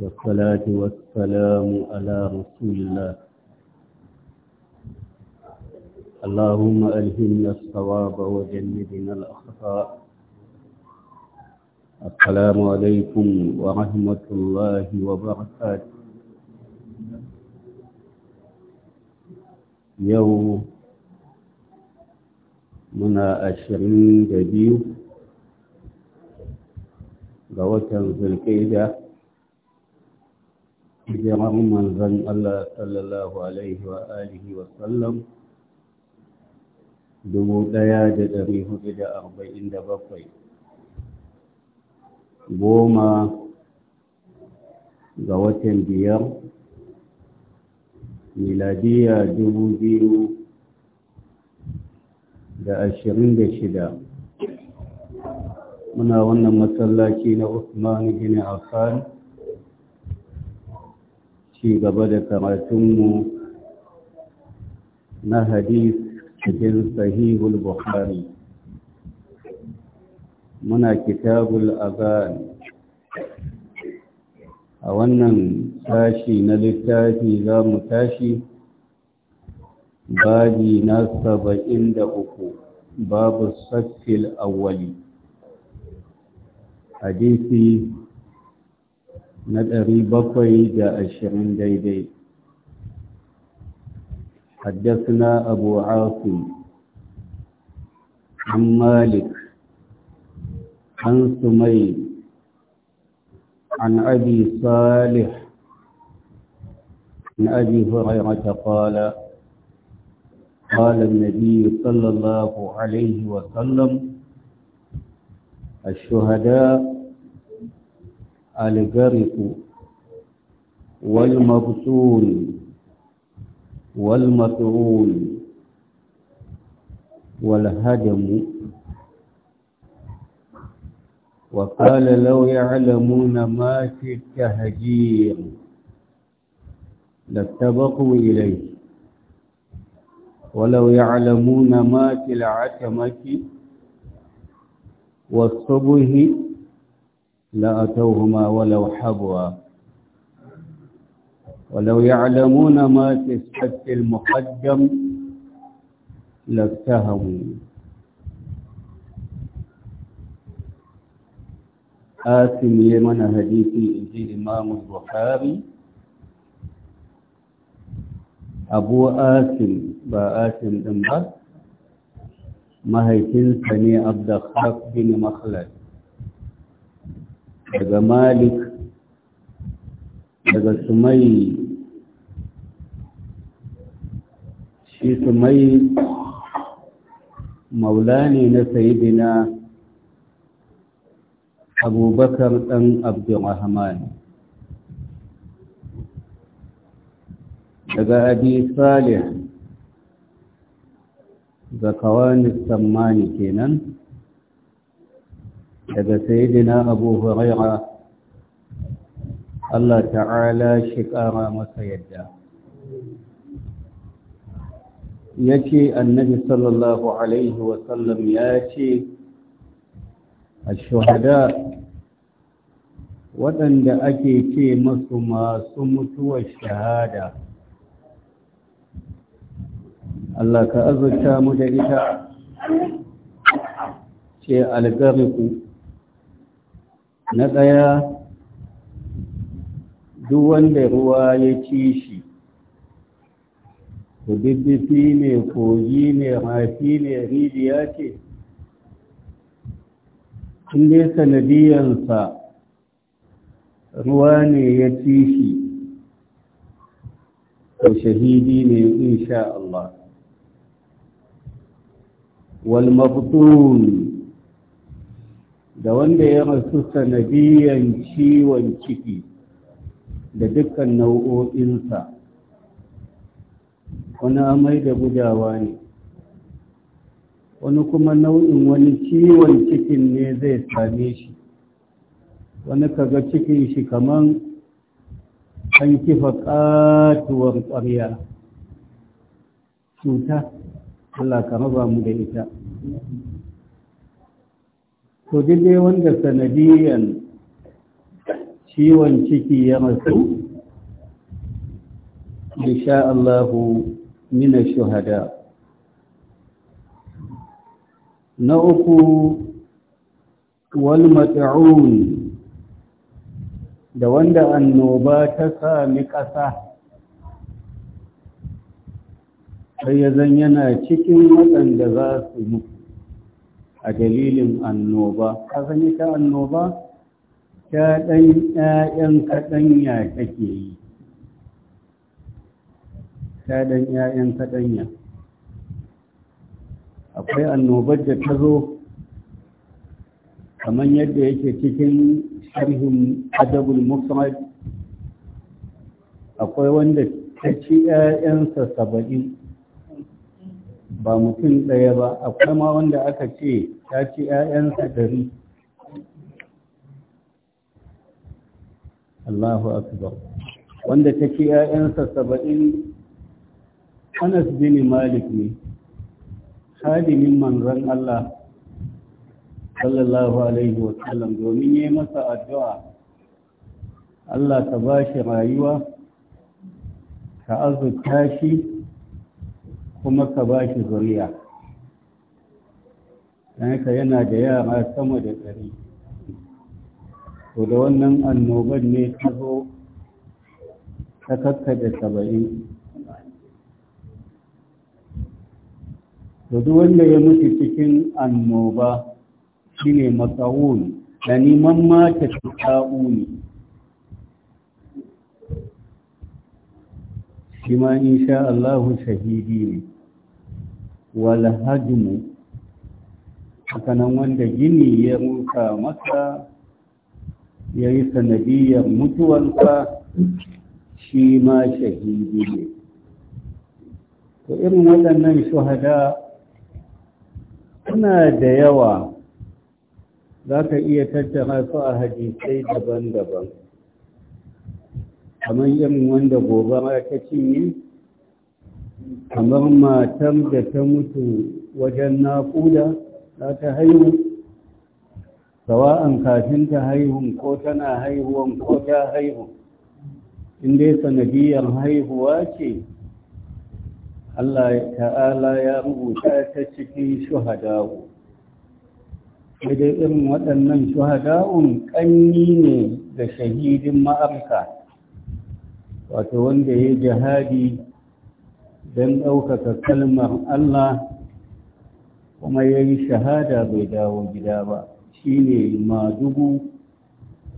والصلاة والسلام على رسول الله اللهم ألهمنا الصواب وجنبنا الأخطاء السلام عليكم ورحمة الله وبركاته يوم منا ashirin جديد غوة ga watan hijirar manzan Allah sallallahu Alaihi wa alihi Sallam dubu ɗaya da ɗari hudu da arba'in da bakwai goma ga watan biyar miladiya dubu biyu da ashirin da shida muna wannan masallaci na Usman bin Affan ci gaba da karatunmu na hadith cikin sahihul bukhari muna kitabul azan a wannan tashi na littafi za mu tashi babi na saba'in da uku babu saffil awwali hadisi na ɗari bakwai da ashirin daidai حدثنا أبو عاصم عن مالك عن سمي عن أبي صالح عن أبي هريرة قال قال النبي صلى الله عليه وسلم الشهداء الغرق والمبتول والمطعون والهدم وقال لو يعلمون ما في التهجير لاتبقوا إليه ولو يعلمون ما في العتمة والصبه لأتوهما ولو حبوا ولو يعلمون ما في السك المحجم لاتهموا آثم يمن هديتي إجي إمام البخاري أبو آثم با آثم دنبا ما هي سني عبد الخلق بن مخلد daga malik daga sumai shi sumai maula ne na sayidina abubakar ɗan abdurrahman daga abi salih zakawani sammani kenan daga sayidina abu huraira Allah ta'ala shi ƙara masa yadda ya ce annabi sallallahu alaihi wasallam ya ce a shuhada waɗanda ake ce masu masu mutuwar shahada Allah ka azurta mu da ita ce algariku na ɗaya duk wanda ruwa ya ci shi kududdufi ne kogi ne rafi ne rijiya ce inda sa ruwa ne ya ci shi ko shahidi ne insha Allah wal maftun da wanda ya rasu sanadiyan ciwon ciki da dukkan nau'o'insa wani amai da gudawa ne wani kuma nau'in wani ciwon cikin ne zai same shi wani kaga cikin shi kaman an kifa katuwar ƙwarya cuta Allah ka raba mu da ita to dai wanda sanadiyan ciwon ciki ya rasu insha Allahu mina shuhada na uku wal mat'un da wanda annoba ta sami ƙasa sai ya zan yana cikin waɗanda za su mutu a dalilin annoba ka san ita annoba ta ɗan 'ya'yan kaɗanya take yi ta ɗan kaɗanya akwai annobar da ta zo kamar yadda yake cikin sharhin adabul mufrad akwai wanda ta ci 'ya'yansa saba'in ba mutum ɗaya ba akwai ma wanda aka ce ya ci ‘ya'yansa ɗari Allahu akbar wanda ta ci ‘ya'yansa saba'in Anas bin Malik ne hadimin manzon Allah sallallahu alaihi wasallam domin yi masa addu'a Allah ta ba shi rayuwa ka azurta shi kuma ka ba shi zuriya haka yana da yara sama da tsari to da wannan annoban ne ta zo ta kakkaɗe saba'in to duk wanda ya mutu cikin annoba shine matsawon da neman mata ta'u ne shi ma insha Allahu shahidi ne wal hajmu hakanan wanda gini ya ruka masa ya yi sanadiyar mutuwansa shi ma shahidi ne to irin waɗannan shahada suna da yawa za ka iya tattara su a hadisai daban-daban kamar irin wanda gobara ta cinye kamar matan da ta mutu wajen naƙuda za ta haihu sawa'an kafin ta haihun ko tana haihuwan ko ta haihu in dai sanadiyar haihuwa ce Allah ta'ala ya rubuta ta cikin shuhada'u dai irin waɗannan shuhada'un ƙanni ne da shahidin ma'arka wato wanda ya jihadi don ɗaukaka kalmar Allah kuma ya yi shahada bai dawo gida ba shi shine madugu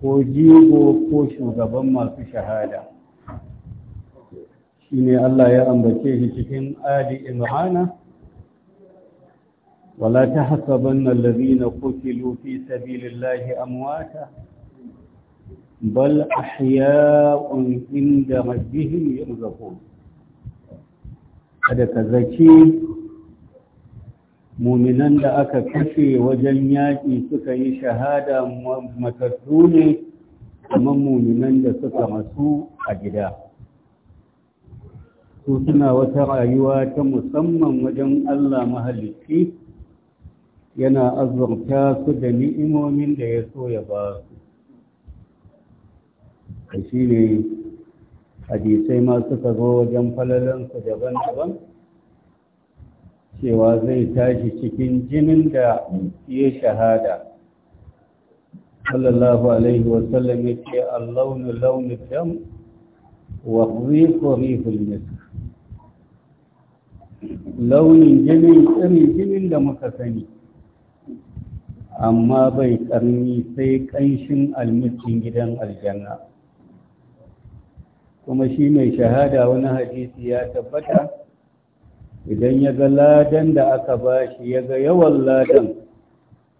ko jigo ko shugaban masu shahada Shi ne Allah ya ambace shi cikin adi imhana ولا تحسبن الذين قتلوا في سبيل الله أمواتا بل أحياء عند ربهم يرزقون kada ka zaci muminan da aka kashe wajen yaƙi suka yi shahada matattu ne kuma muminan da suka masu a gida su suna wata rayuwa ta musamman wajen Allah mahalicci yana azurta su da ni'imomin da ya so ya ba su shi ne hadisai ma suka zo wajen falalansu daban-daban cewa zai tashi cikin jinin da ya shahada sallallahu alaihi wasallam ya ce allaunu launin dam wa rifo rifin misk launin jinin irin jinin da muka sani amma bai karni sai kanshin almiskin gidan aljanna kuma shi mai shahada wani hadisi ya tabbata idan ya ga ladan da aka ba shi ya ga yawan ladan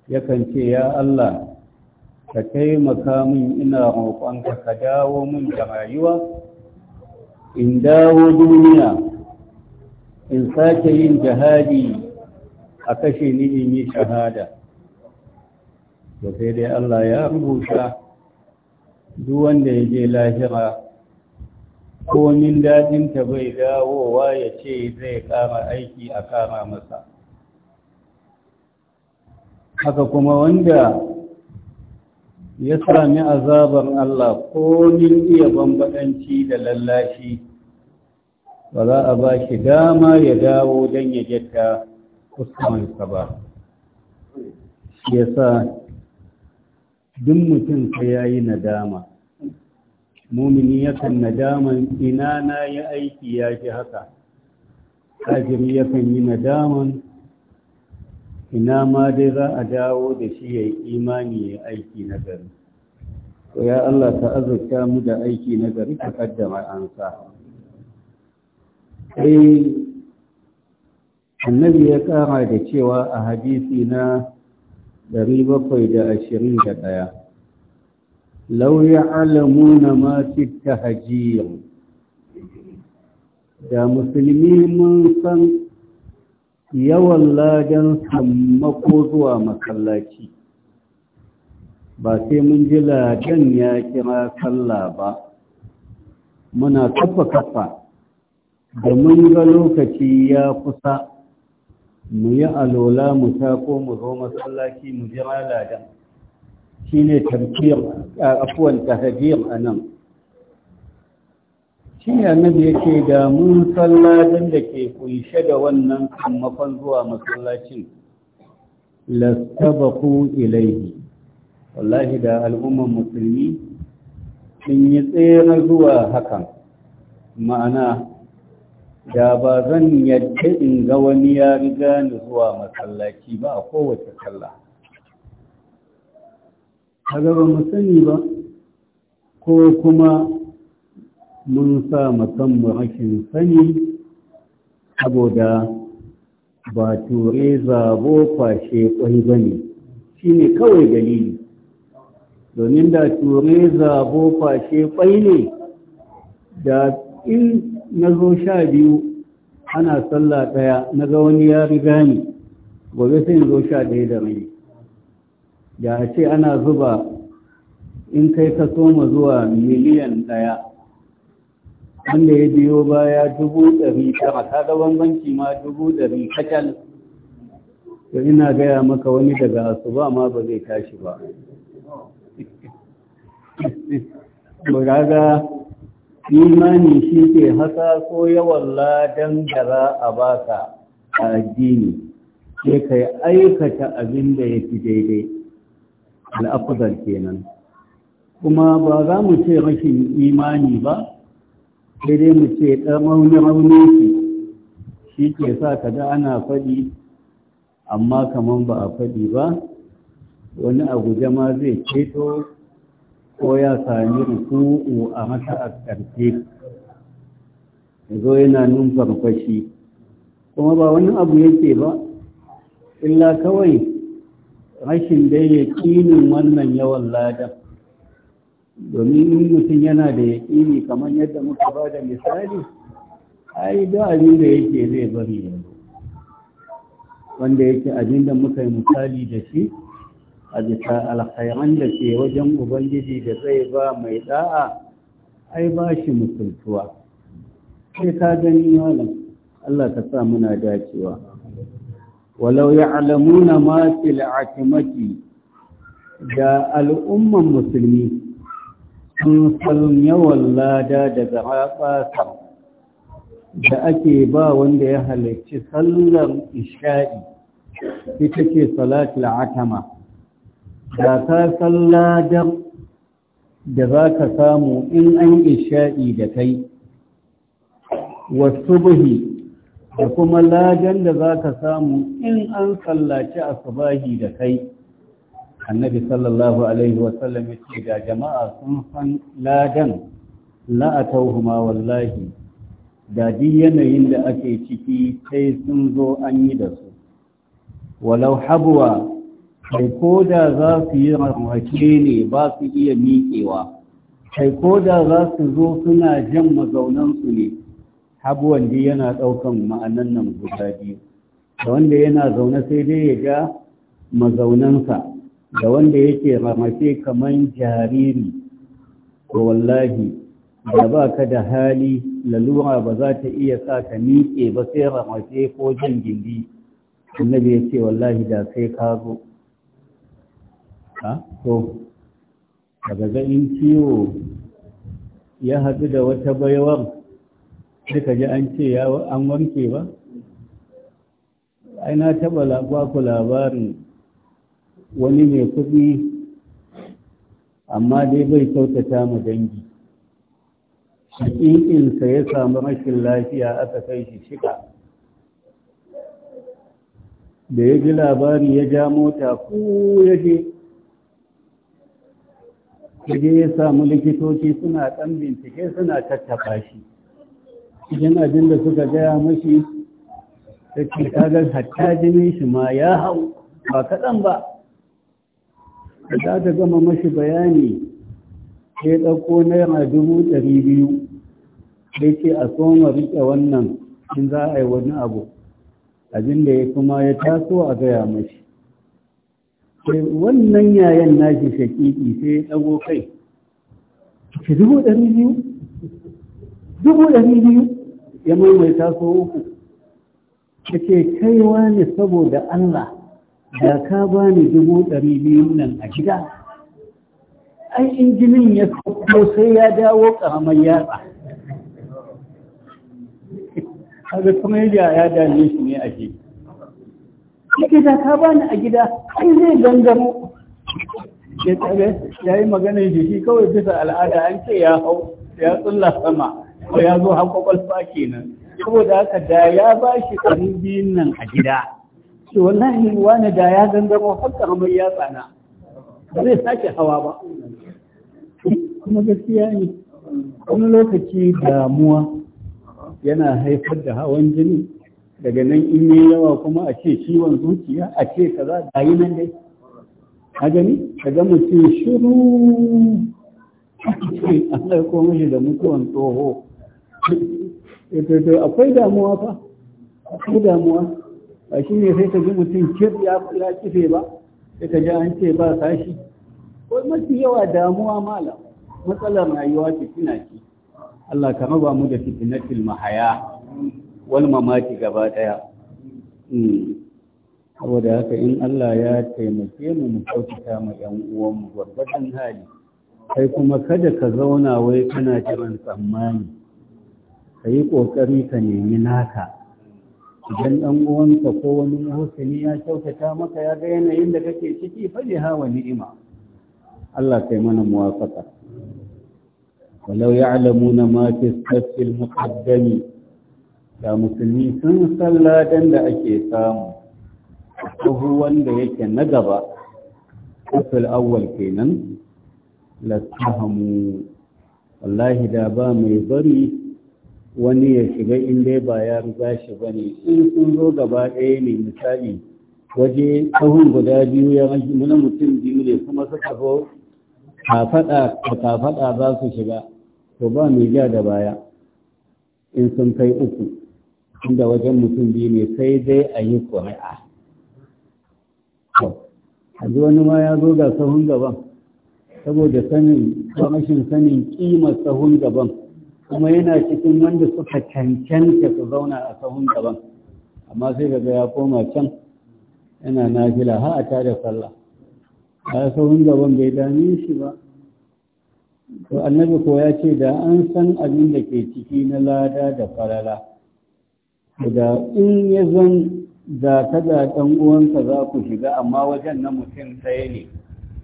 yakan ce ya Allah ka taimaka min ina roƙonka ka dawo min da rayuwa in dawo duniya in sake yin jihadi a kashe ni in yi shahada to sai dai Allah ya rubuta duk wanda ya je lahira komin dajinta bai dawowa ya ce zai kama aiki a kama masa haka kuma wanda ya sami azabar Allah komin iya bambadanci da lallashi ba za a ba shi dama ya dawo don ya jetta kusurmansa ba shi ya sa duk mutum ka yayi nadama mumini yakan nadaman ina na yi aiki ya ji haka kafiri yakan yi nadaman ina ma dai za a dawo da shi ya yi imani ya aiki na gari ko ya Allah ta azurta mu da aiki na gari ka kaddama an sa annabi ya kara da cewa a hadisi na 721 lau ya'lamuna ma fi tahjir da musulmi mun san yawan ladan sammako zuwa masallaci ba sai mun ji ladan ya kira sallah ba muna kafa kafa da mun ga lokaci ya kusa mu yi alola mu tako mu zo masallaci mu jira ladan Shi ne shine a afuwan tahajiyar nan Shi annabi yake da mun salladan da ke kunshe da wannan kammakon zuwa masallacin lastabaqu ilaihi wallahi da al'umman musulmi sun yi tsere zuwa hakan ma'ana da ba zan yadda in ga wani ya riga ni zuwa masallaci ba a kowace sallah kaga ba mu sani ba ko kuma mun sa mu rashin sani saboda ba ture zabo kwashe kwai ba ne shi ne kawai dalili domin da ture zabo kwashe kwai ne da in na zo sha biyu ana sallah ɗaya na ga wani ya riga ni gobe sai in zo sha ɗaya da rai da a ce ana zuba in kai ka soma zuwa miliyan ɗaya wanda ya biyo baya dubu dari tara kaga banki ma dubu dari kacal to ina gaya maka wani daga asuba ma ba zai tashi ba ga imani shi ke hasa ko yawan ladan da za a baka a addini sai ka aikata abin da ya fi daidai al'afuzar kenan kuma ba za mu ce rashin imani ba sai dai mu ce rauni-rauni shi ke sa ka da ana faɗi amma kamar ba a faɗi ba wani a guje ma zai ceto ko ya sami ruku'u a mata a ƙarfe zo yana farfashi kuma ba wani abu yake ba illa kawai rashin dai yaƙinin wannan yawan ladan domin in mutum yana da yaƙini kamar yadda muka ba da misali ai da abin da yake zai bari yanzu wanda yake abin da muka yi misali da shi a bisa alkhairan da ke wajen ubangiji da zai ba mai da'a ai ba shi mutuntuwa sai ka gani malam Allah ka sa muna dacewa walau ya'lamuna ma fil akmati da al'umman musulmi sun san yawan lada daga haɓasa da ake ba wanda ya halarci sallar isha'i ita ce salatul atama da ka san da za ka samu in an isha'i da kai wasu buhi da kuma lajen da za ka samu in an sallaci asubahi da kai annabi sallallahu alaihi wasallam ya ce ga jama'a sun san ladan huma wallahi da yanayin da ake ciki sai sun zo an yi da su walau habuwa kai ko da za su yi rahake ne ba su iya miƙewa kai ko da za su zo suna jan mazaunansu ne haguwan dai yana ɗaukan ma'anan nan guda biyu da wanda yana zaune sai dai ya ga mazaunansa da wanda yake ramace kamar jariri ko wallahi da ba ka da hali lalura ba za ta iya sa ka miƙe ba sai ramace ko jan gindi annabi ya ce wallahi da sai ka zo to daga ganin ciwo ya haɗu da wata baiwar sai ka ji an ce an wanke ba ai na taɓa ku labarin wani mai kuɗi amma dai bai kyautata mu dangi haƙiƙinsa ya samu rashin lafiya aka kai shi shiga da ya ji labari ya ja mota ko ya je ya je ya samu likitoci suna ɗan bincike suna tattaɓa shi cikin abin da suka gaya mashi ta ce kagar hatta jini shi ma ya hau ba kaɗan ba za ta gama mashi bayani sai ɗauko naira dubu ɗari biyu sai ce a soma riƙe wannan in za a yi wani abu abin da ya kuma ya taso a gaya mashi sai wannan yayan nashi shaƙiƙi sai ya ɗago kai ki dubu ɗari biyu dubu ɗari biyu ya maimaita so uku yake kaiwa ne saboda Allah da ka bani dubu ɗari biyun nan a gida ai injinin ya kawo sai ya dawo ƙaramar yatsa kaga kuma ya ya dame shi ne a gida yake da ka bani a gida ai zai gangaro ya yi maganar shi kawai bisa al'ada an ce ya hau ya tsulla sama ko ya zo har kwakwalfa kenan saboda haka da ya ba shi ɗari biyun nan a gida to wallahi wani da ya gangamo har mai ya tsana ba zai sake hawa ba kuma gaskiya ne wani lokaci damuwa yana haifar da hawan jini daga nan in yi yawa kuma a ce ciwon zuciya a ce za a yi nan dai a gani ka ga mutum shiru a ce an aiko mashi da mutuwan tsoho Eh, to akwai damuwa fa akwai damuwa ba shi ne sai ka ji mutum kir ya kife ba sai ka ji an ce ba sashi ko mafi yawa damuwa malam matsalar rayuwa fitina ce Allah ka raba mu da fitinatil mahaya wal mamati gaba daya hmm. saboda haka in Allah ya taimake mu mu kyautata ma ƴan uwanmu gwargwadon hali kai kuma kada ka zauna wai kana jiran tsammani ka yi ƙoƙari ka nemi naka idan ɗan uwanka ko wani muhusini ya kyautata maka ya ga yanayin da kake ciki faɗi hawa ni'ima Allah kai mana muwafaka walau na ma fi safil muqaddami da musulmi sun san ladan da ake samu sahu wanda yake na gaba kafil awwal kenan la wallahi da ba mai bari wani ya shiga in dai ba ya riga shi ba ne in sun zo gaba ɗaya ne misali waje tsawon guda biyu ya na mutum biyu ne kuma suka zo kafaɗa da kafaɗa za su shiga to ba mai ja da baya in sun kai uku inda wajen mutum biyu ne sai dai a yi ƙuri'a a ji wani ma ya zo ga sahun gaban saboda sanin kamashin sanin ƙimar sahun gaban kuma yana cikin wanda suka cancanta su zauna a sahun gaban amma sai daga ya koma can yana nafila har a tada sallah a sahun gaban bai dame shi ba to annabi ko ya ce da an san abin da ke ciki na lada da Farara. da in ya zan da kada ɗan uwanka za ku shiga amma wajen na mutum ɗaya ne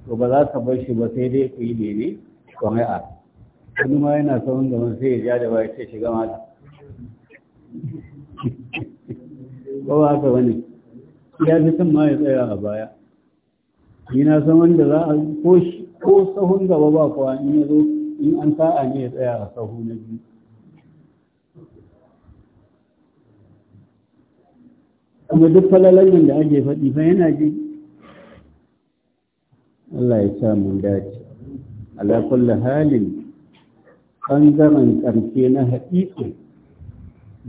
to ba za ka bar shi ba sai dai ku yi ne, ko a wani ma yana saman gaban sai ya ja da baya sai shiga mata ko ba haka bane ya fi san ma ya tsaya a baya ni na san wanda za a ko ko sahun gaba ba kowa in ya zo in an sa'a ne ya tsaya a sahu na biyu kuma duk falalan da ake faɗi fa yana ji Allah ya sa mun dace ala kulli halin ɓangaren ƙarfe na haƙiƙi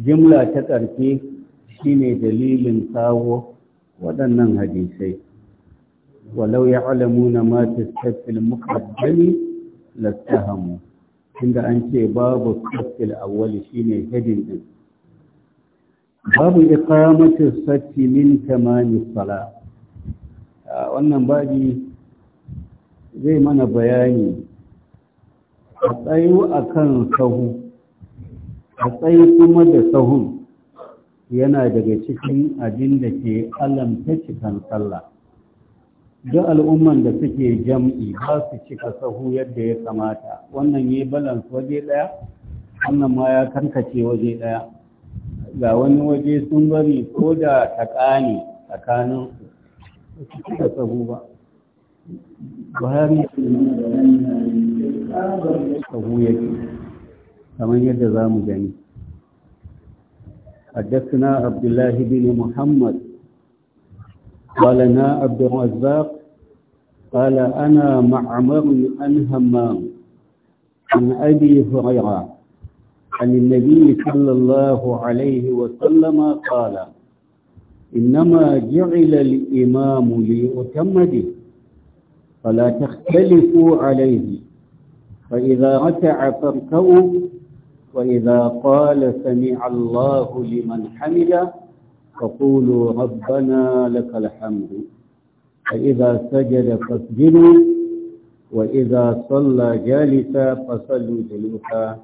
jimla ta ƙarfe shine dalilin kawo waɗannan hadisai walau ya na ma tattafil muqaddami lattahamu inda an ce babu tattafil shi shine hedin ɗin. babu iqamatu sati min tamani sala wannan babi zai mana bayani a tsayu a kan sahu a tsayu kuma da sahun yana daga cikin abin da ke alamta cikin sallah duk al'umman da suke jam'i ba su cika sahu yadda ya kamata wannan yi balance waje ɗaya wannan ma ya karkace waje ɗaya ga wani waje sun bari ko da taƙani tsakanin su cika sahu ba buhari sahu yake kamar yadda za mu gani حدثنا عبد الله بن محمد قالنا عبد الرزاق قال أنا معمر عن همام عن أبي هريرة عن النبي صلى الله عليه وسلم قال إنما جعل الإمام ليؤتم به فلا تختلفوا عليه فإذا ركع فاركعوا وإذا قال سمع الله لمن حمده فقولوا ربنا لك الحمد فإذا سجد فاسجدوا وإذا صلى جالسا فصلوا جلوسا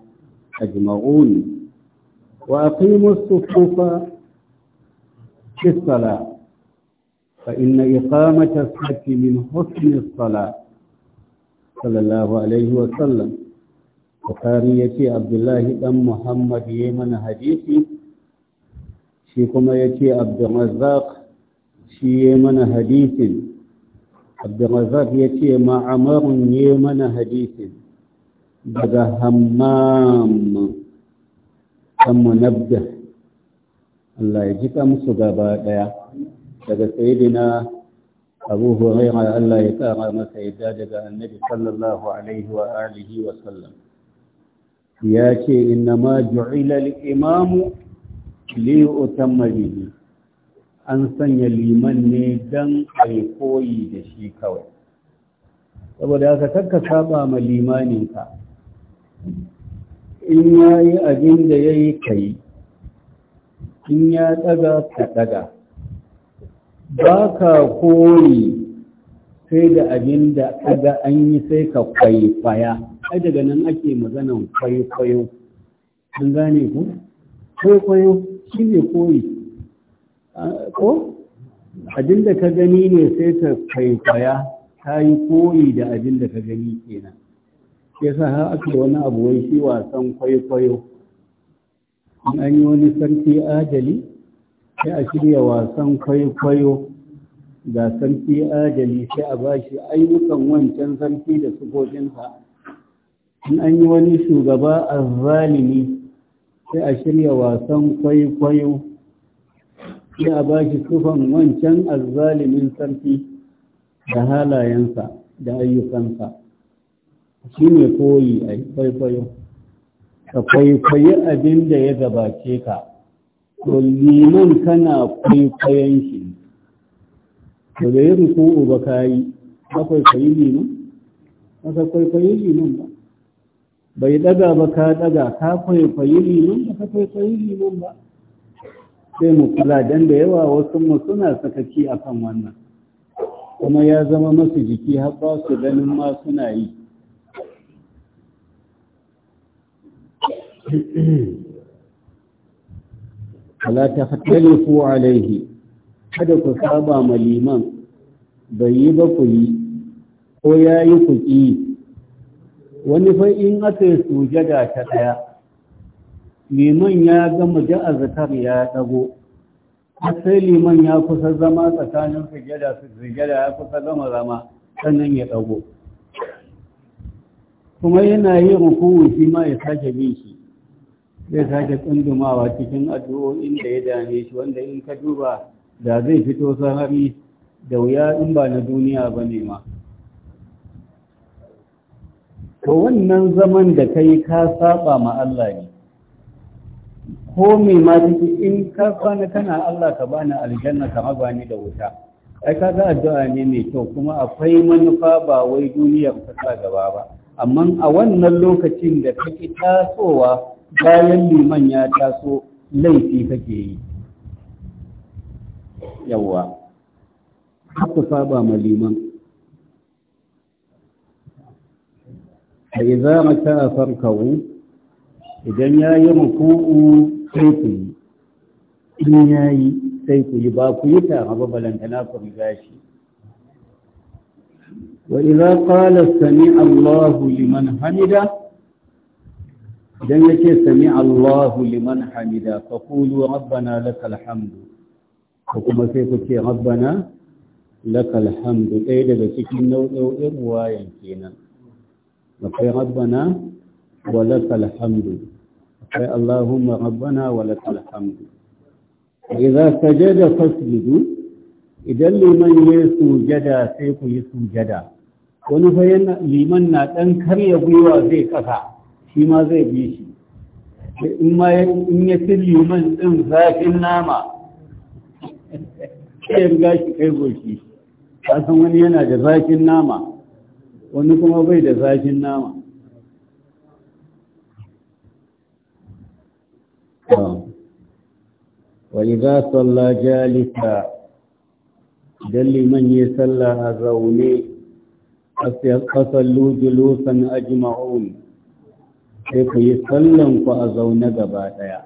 أجمعون وأقيموا الصفوف في الصلاة فإن إقامة الصلاة من حسن الصلاة صلى الله عليه وسلم وكارية عبد الله بن محمد يمن حديثي شيكما يتي عبد الرزاق شي يمن حديث عبد الرزاق يتي معمر يمن حديث بدا همام كم منبه الله يجيك أمس غابا daga sayidina abu huraira Allah ya kara masa yadda daga annabi sallallahu alaihi wa alihi wa sallam ya ce inna ma ju'ila al-imamu li utamma bihi an sanya liman ne dan ai koyi da shi kawai saboda haka kanka saba ma limanin ka in yayi abin da yayi kai in ya daga ka daga ba ka koyi sai da abin da kaga an yi sai ka kwaikwaya ai daga nan ake maganan kwaikwayo an gane ku kwaikwayo shi ne koyi ko abin da ka gani ne sai ka kwaikwaya ta yi koyi da abin da ka gani kenan sa har aka wani abu wai shi wasan kwaikwayo an yi wani sarki ajali? sai a shirya wasan kwaikwayo ga sarki adali sai a ba shi ayyukan wancan sarki da sukokinsa in an yi wani shugaba a zalimi sai a shirya wasan kwaikwayo sai a ba shi sufan wancan azzalimin sarki da halayensa da ayyukansa shi ne koyi a kwaikwayo ka kwaikwayi abin da ya gabace ka to liman kana kwaikwayon shi to da yin ku uba ka yi ka kwaikwayi liman ba ka kwaikwayi liman ba bai daga ba ka daga ka kwaikwayi liman ba ka kwaikwayi liman ba sai mu kula dan da yawa wasu mu suna sakaci akan wannan kuma ya zama masu jiki har ba su ganin ma suna yi fala tahtalifu alaihi kada ku saba ma liman bai yi ba ku yi ko ya yi ku ƙi wani fa in aka yi sujada ta ɗaya liman ya gama da azkar ya ɗago sai liman ya kusa zama tsakanin sujada sujada ya kusa gama zama sannan ya ɗago kuma yana yi rukuwu shi ma ya sake bin shi zai sake tsundumawa cikin addu'o'in da ya dame shi wanda in ka duba da zai fito sahari da wuya in ba na duniya ba ne ma to wannan zaman da ka yi ka saba ma Allah ne ko mai ma ciki in ka kwana kana Allah ka bani aljanna ka ne da wuta ai ka ga addu'a ne mai kyau kuma akwai manufa ba wai duniyar ta gaba ba Amman a wannan lokacin da kake tasowa bayan liman ya taso laifi kake yi yawwa haka saba ma liman a yi za mu idan ya yi ruku'u sai ku yi in ya yi sai ku yi ba ku yi tara ba na ku riga shi wa idza qala sami Allahu liman hamida idan yake sami Allahu liman hamida ka kulu rabbana lakal hamdu ko kuma sai ku ce rabbana lakal hamdu ɗaya daga cikin nau'o'in ruwayan kenan akwai rabbana wa lakal hamdu akwai Allahumma rabbana wa lakal hamdu idza sajada fasjudu idan liman ya sujada sai ku yi sujada wani fa liman na dan karya gwiwa zai kasa shi ma zai bi shi in ma in ya ci man ɗin zafin nama sai ya riga shi kai goshi san wani yana da zafin nama wani kuma bai da zafin nama وإذا صلى جالسا دل من يصلى زوني فصلوا julusan ajma'un sai ku yi sallan ku a zaune gaba ɗaya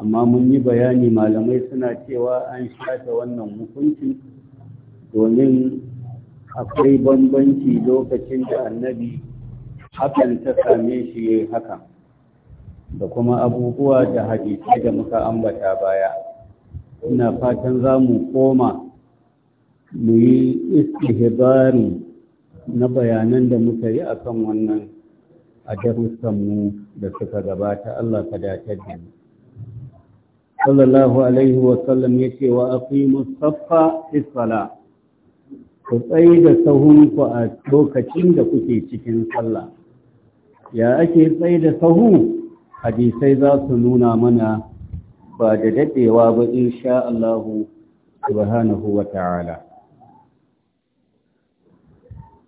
amma mun yi bayani malamai suna cewa an shata wannan hukunci domin akwai bambanci lokacin da annabi hakan ta same shi ya yi hakan da kuma abubuwa da hadisai da muka ambata baya ina fatan za mu koma mu yi istihbari na bayanan da muka yi akan wannan a darussanmu da suka gabata Allah ka datar da mu sallallahu alaihi wasallam ya ce wa aqimu saffa fi ku tsayi da sahunku a lokacin da kuke cikin sallah ya ake tsayi da sahu hadisai za su nuna mana ba da daɗewa ba insha Allah subhanahu wa ta'ala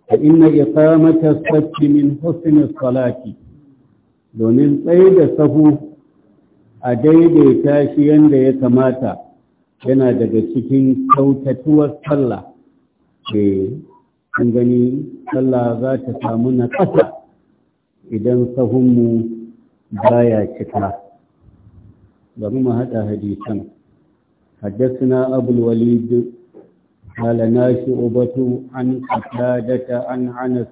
فإن إقامة الصف من حسن الصلاة domin tsaye da sahu a daidaita shi yadda ya kamata yana daga cikin kyautatuwar sallah ke an gani sallah za ta samu na ƙasa idan sahunmu baya cika bari mu haɗa hadisan حدثنا أبو الوليد قال شعبة عن قتادة عن عنس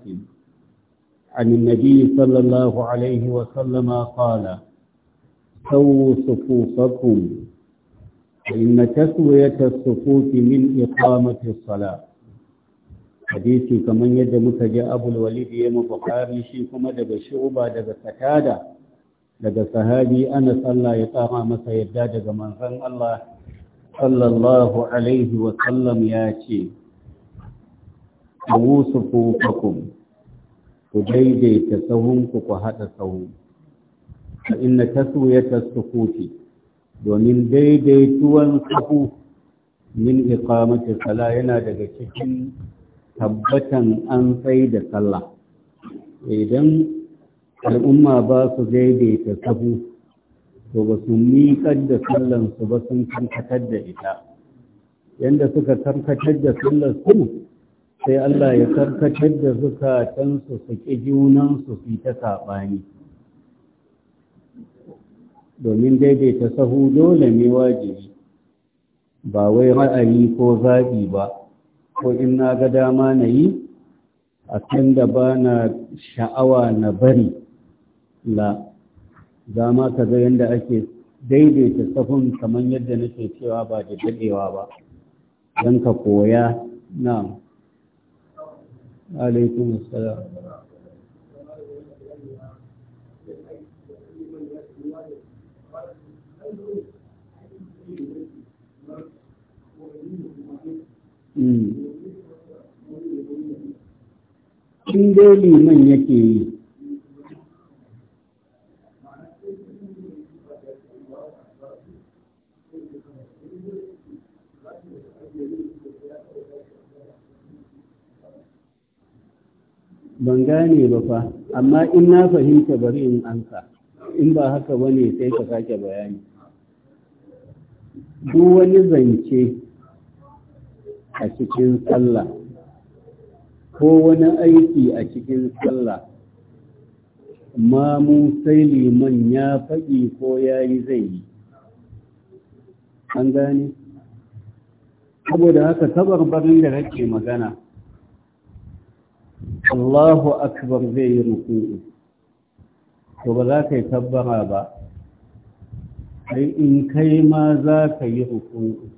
عن النبي صلى الله عليه وسلم قال سووا صفوفكم فإن تسوية الصفوف من إقامة الصلاة hadisi kamar yadda muka ji abul walid ya mu bukari shi kuma daga shuba daga sakada daga sahabi ana sallah ya tsara masa yarda daga manzon Allah sallallahu alaihi sallam ya ce kawo sufufakum ku daidaita sahunku ku haɗa sahu a inna taswiyata sufufi domin daidaituwan sahu min iqamati sala yana daga cikin tabbatan an sai da sallah idan al'umma ba su daidaita sahu to ba su miƙar da sallansu ba sun karkatar da ita yadda suka karkatar da su, sai Allah ya karkatar da zukatansu su ƙi junansu su ta saɓani domin daidaita sahu dole ne wajibi ba wai ra'ayi ko zaɓi ba ko in na ga dama na yi a kan da ba na sha'awa na bari la za ma ka ga yadda ake daidaita safin kamar yadda nake cewa ba da daɗewa ba don ka koya na alaikun salam hmm. in dai liman yake yi ban gane ba fa amma in na fahimta bari in ansa in ba haka ba ne sai ka sake bayani duk wani zance a cikin sallah ko wani aiki a cikin sallah mamu sai liman ya faɗi ko ya yi zai yi an gane saboda haka barin da rake magana Allahu akbar zai yi ruku'u to ba za ka yi tabbara ba sai in kai ma za ka yi ruku'u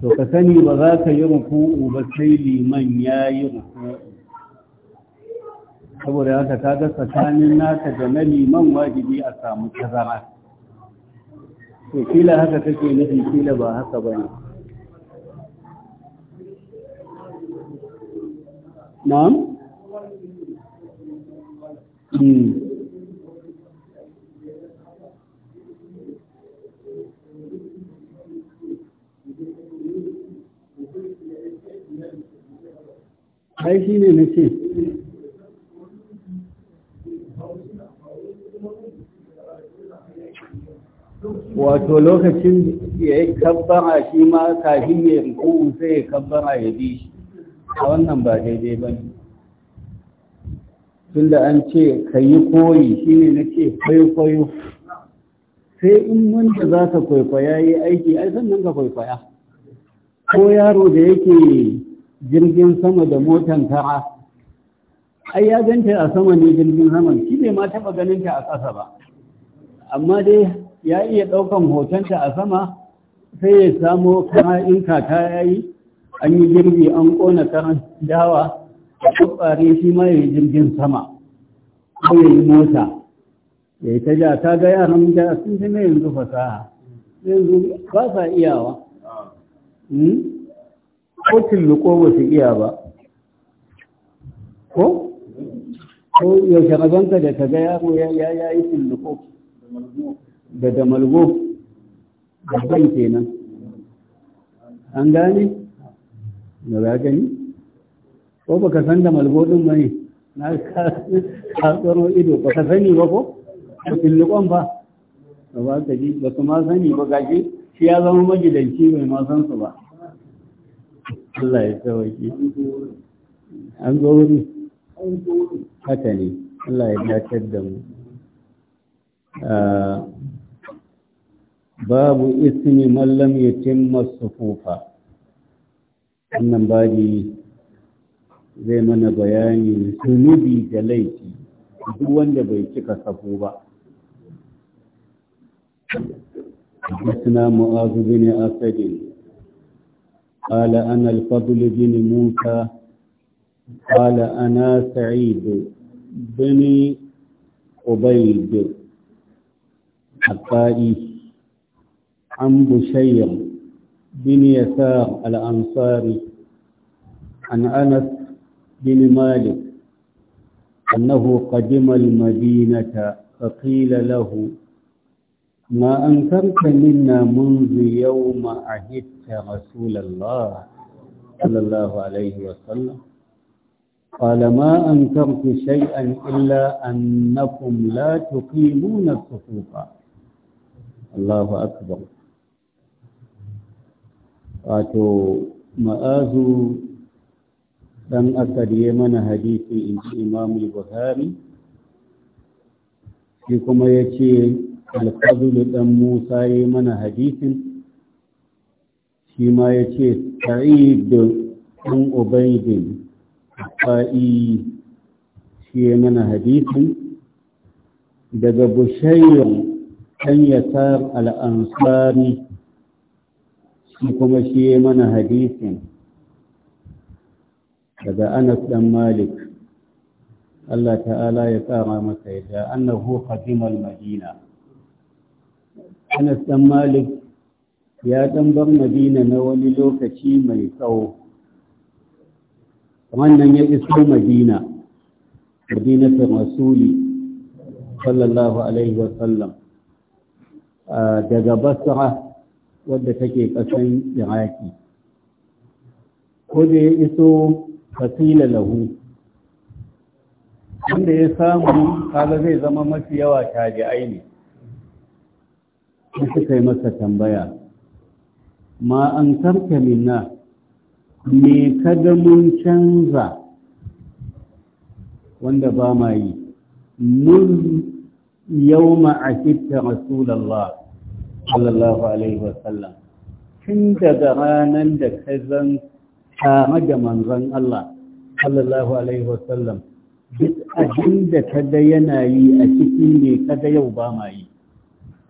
to ka sani ba za ka yi ruku'u ba sai liman ya yi ruku'u saboda haka ka ga tsakanin naka da na liman wajibi a samu tazara to kila haka kake nufin, kila ba haka ba ne na'am hmm. ai shi ne na ce wato lokacin ya yi kabbara shi ma kafin ya riku'u sai ya kabbara ya bi shi a wannan ba daidai ba ne tunda an ce ka yi koyi shine na ce kwaikwayo sai in wanda za ka kwaikwaya yi aiki ai sannan ka kwaikwaya ko yaro da yake jirgin sama da motan tara. ai ya ganta a sama ne jirgin saman shi bai ma taɓa ganin ta a ƙasa ba amma dai ya iya ɗaukan hotonta a sama sai ya samo kama in kaka ya yi an yi jirgi an kona karan dawa a kwakware shi ma ya yi jirgin sama ko ya yi mota ya yi ta ja ta ga yaran da sun fi na yanzu fasaha yanzu ba sa iyawa hmm? ko tilluko ba su iya ba ko ko yaushe rabonka da ta ga yaro ya yi tilluko da damalgo da ban kenan an gane da ya gani ko baka san da malgodin mai na ka tsaro ido baka sani ba ko a tillikon ba ba ba ka ji ba su ma sani ba gaji shi ya zama magidanci mai ma su ba Allah ya tsawaki an zo wuri haka ne Allah ya dakatar da mu ah, babu ismi mallam yatimma sufufa wannan bari zai mana bayani zunubi da laifi duk wanda bai cika safo ba حدثنا معاذ بن أسد قال أنا الفضل بن موسى قال أنا سعيد بن عبيد حقائي عن بشير بن يسار الأنصاري عن أنس بن مالك أنه قدم المدينة فقيل له ما أنكرت منا منذ يوم عهدت رسول الله صلى الله عليه وسلم قال ما أنكرت شيئا إلا أنكم لا تقيمون الصفوف الله أكبر wato ma'azu dan asar ya mana hadisi in ji imamul buhari shi kuma ya ce alfazulu dan musa ya mana hadisin shi ma ya ce sa'id dan ubaidin fa'i shi ya mana hadisin daga bushayyar kan yasar al'ansari shi kuma shi ya mana hadisin daga anas ɗan malik Allah ta'ala ya tsara masa ya yadda annahu qadimal madina anas ɗan malik ya ɗan bar madina na wani lokaci mai tsawo wannan ya iso madina Madina ta rasuli sallallahu alaihi wasallam daga basra wadda take ƙasan iraki ko da ya iso fasila lahu wanda ya samu kaga zai zama mafi yawa tabi'ai ne suka yi masa tambaya ma an karka minna me kada mun canza wanda ba ma yi mun yau ma'akita rasulallah sallallahu alaihi wasallam tun daga ranar da ka zan tare da manzon Allah sallallahu alaihi wasallam duk abin da ka ga yana yi a ciki ne ka ga yau ba ma yi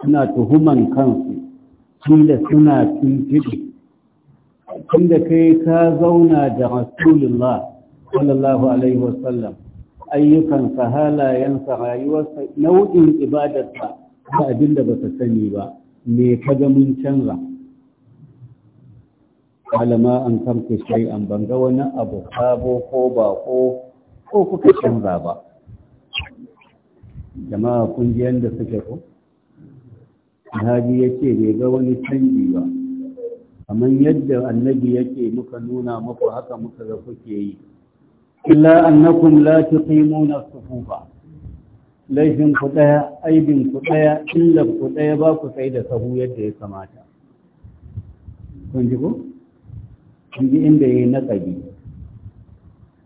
suna tuhuman kansu kila suna tuntuɓe tun da kai ka zauna da rasulullah sallallahu alaihi wasallam ayyukansa halayensa rayuwarsa nau'in ibadarsa ba abin da ba ta sani ba me kaga mun canza alama an kamta shai an banga wani abu sabo ko bako ko kuka canza ba jama'a kungiyar da suke ko Alhaji ya ce bai ga wani canji ba, kamar yadda annabi yake muka nuna muku haka muka ga kuke yi. Illa annakum la tuqimuna sufufa laifin ku ɗaya aibin ku ɗaya illa ku ɗaya ba ku sai da sahu yadda ya kamata kun ji ko kun ji inda yayi na kabi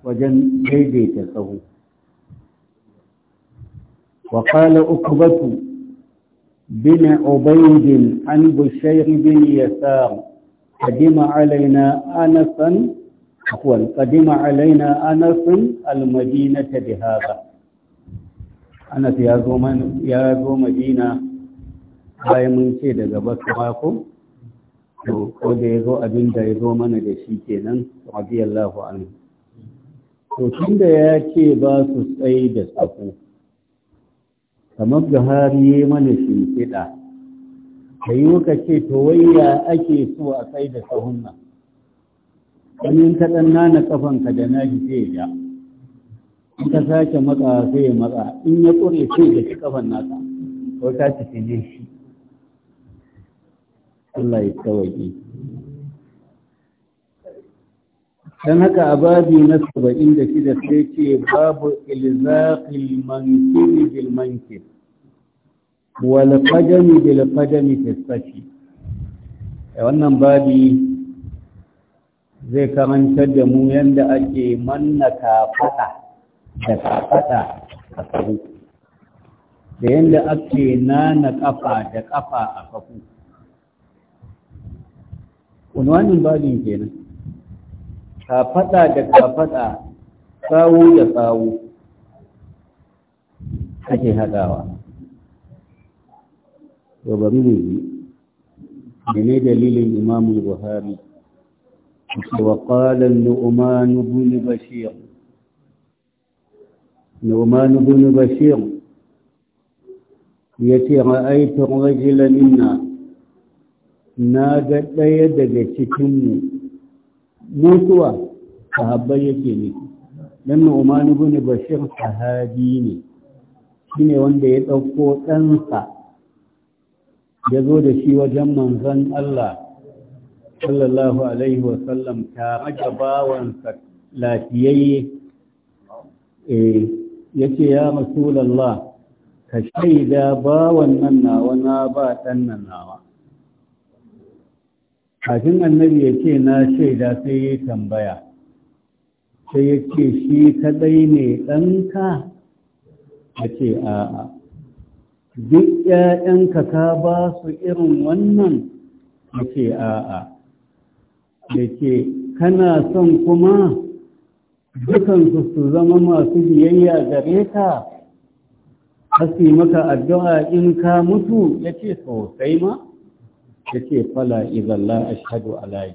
wajen daidaita sahu wa qala ukbatu bin ubayd an bushayr bin yasar qadima alaina anasan qadima alaina anasan al anas ya zo ya zo madina bayan mun ce daga basu mako, to ko da ya zo abin da ya zo mana da shi kenan radiyallahu anhu to tunda ya ce ba su tsaye da tsako kamar da har ya mana shimfiɗa ka yi muka ce to ya ake so a tsaye da sahun nan wani kaɗan na ƙafanka da na ji zai ja in ka sake matsa sai ya matsa in ya ƙure sai da shi kafan nasa ko ta ci ne shi Allah ya tawaki dan haka a babi na 76 da sai ce babu ilzaqil mankib bil mankib wal qadam bil qadam fi safi wannan babi zai karantar da mu yanda ake manna kafada da kafaɗa a sahu da yadda ake nana kafa da kafa a kafu unwanin babin kenan kafaɗa da kafaɗa sawu da sawu ake hadawa to bari mu yi ne dalilin imamu buhari وقال النؤمان بن بشير نومان بن بشير يتي رأيت الرجل منا ناقة يدك تكم موتوا فهبا يكيني لأن نومان بن بشير صحابيني shine wanda ya ɗauko ɗansa ya zo da shi wajen manzon Allah sallallahu alaihi wasallam tare da bawansa lafiyayye eh, yace ya masulallah ka shaida ba wannan nawa na ba dan nawa kafin annabi ya ce na shaida sai ya tambaya sai ya ce shi kadai ne ɗanka a ce a'a duk ‘ya'yanka ka ba su irin wannan a ce a'a da kana son kuma dukansu su zama masu biyayya gare ka hasi maka addu'a in ka mutu ya ce sosai ma ya ce fala izalla a shaɗu ala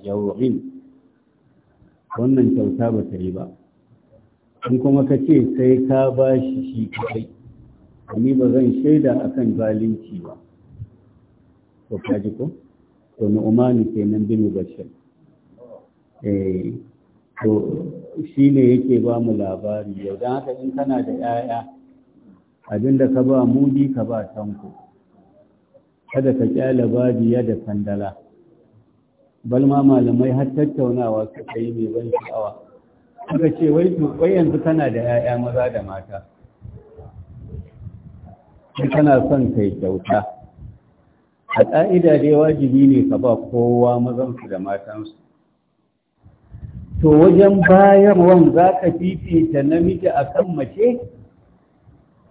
wannan kyauta ba ta yi ba in kuma ka ce sai ka ba shi shi kai ni ba zan shaida akan zalunci ba to kaji ko to nu'umani kenan bin bashir eh to shi ne yake ba mu labari yau don haka in kana da 'ya'ya abinda ka ba mudi ka ba tanko kada ka ƙyale ya da sandala balma malamai har tattaunawa suka yi mai ban sha'awa suka ce wai yanzu kana da 'ya'ya maza da mata kana son kai kyauta a ƙa'ida dai wajibi ne ka ba kowa mazansu da matansu to wajen bayarwan za ka fifita namiji a kan mace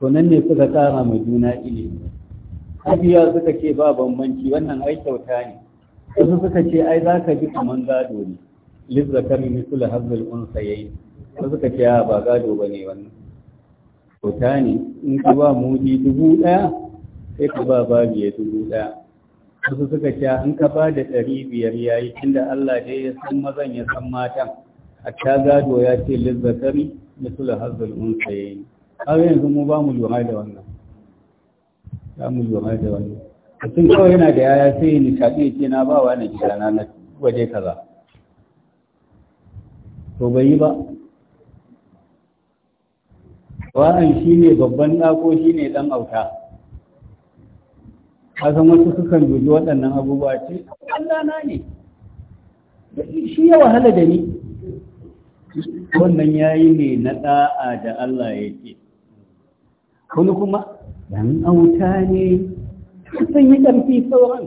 to nan ne suka tsara mai juna ilimi abiya suka ce ba bambanci wannan ai kyauta ne wasu suka ce ai za ka ji kaman gado ne lizzakari misul hazzul unsa yayi wasu suka ce ba gado ba ne wannan kyauta ne in ka ba mudi dubu ɗaya sai ka ba babiya dubu ɗaya wasu suka ce in ka ba da ɗari biyar ya yi tunda Allah dai ya san mazan ya san matan a ta gado ya ce lizzakari da sula hazzar mun saye ne har yanzu mu ba mu lura da wannan ba mu lura da wannan cikin kawai yana da yaya sai ya nishaɗi ya ce na ba wa na gidana na waje kaza to bai yi ba wa'an shi ne babban ɗako shi ne ɗan auta kasan wasu sukan dubi waɗannan abubuwa ce Allah na ne shi ya wahala da ni wannan yayi ne na da'a da Allah yake wani kuma dan auta ne sun yi ƙarfi sauran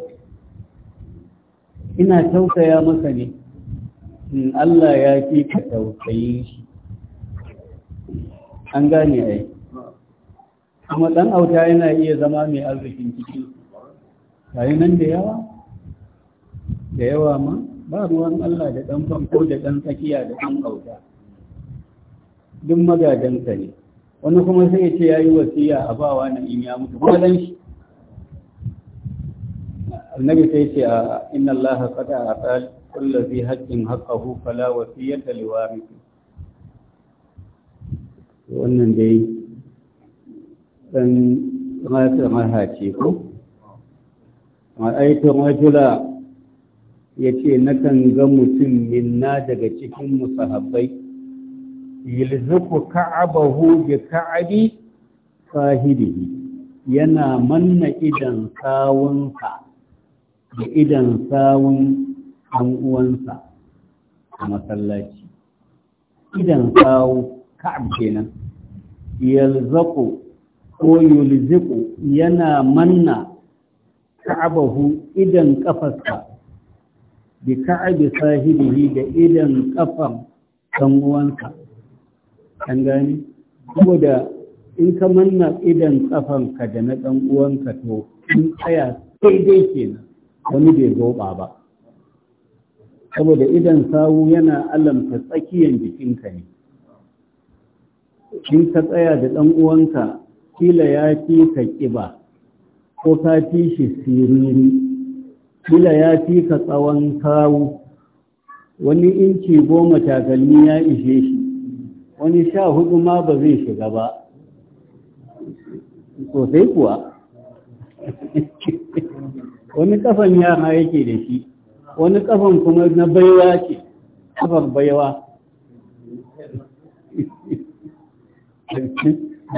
ina tausaya masa ne in Allah ya fi ka tausayi shi an gane ai kuma dan auta yana iya zama mai arzikin cikin kayi nan da yawa da yawa ma ba ruwan Allah da ɗan famko da ɗan tsakiya da ɗan ƙauta duk magadansa ne wani kuma sai ya ce ya yi wasiya a bawa nan in ya mutu kuma dan shi annabi sai ce a inna Allah qad ata kullu fi haqqin haqqahu fala wasiyata liwarithi wannan dai dan rahaci ko ya ce yace nakan ga mutum minna daga cikin musahabbai yilzuku ka'abahu bi ka'abi sahibihi yana manna idan sawunsa da idan sawun ɗan uwansa a masallaci idan sawu ka'ab kenan ku ko yulziku yana manna ka'abahu idan kafarsa bi ka'abi sahibihi da idan kafar dan uwansa an gani da in ka manna idan ka da na dan uwanka to in tsaya sai dai kenan wani bai zoba ba saboda idan sawu yana alamta tsakiyar jikinka ne in ka tsaya da dan uwanka kila ya fi ka kiba ko ka fi shi siriri kila ya fi ka tsawon kawo wani inci goma takalmi ya ishe shi wani sha hudu ma ba zai shiga ba sosai kuwa wani kafan yara yake da shi wani kafan kuma na baiwa ce kafar baiwa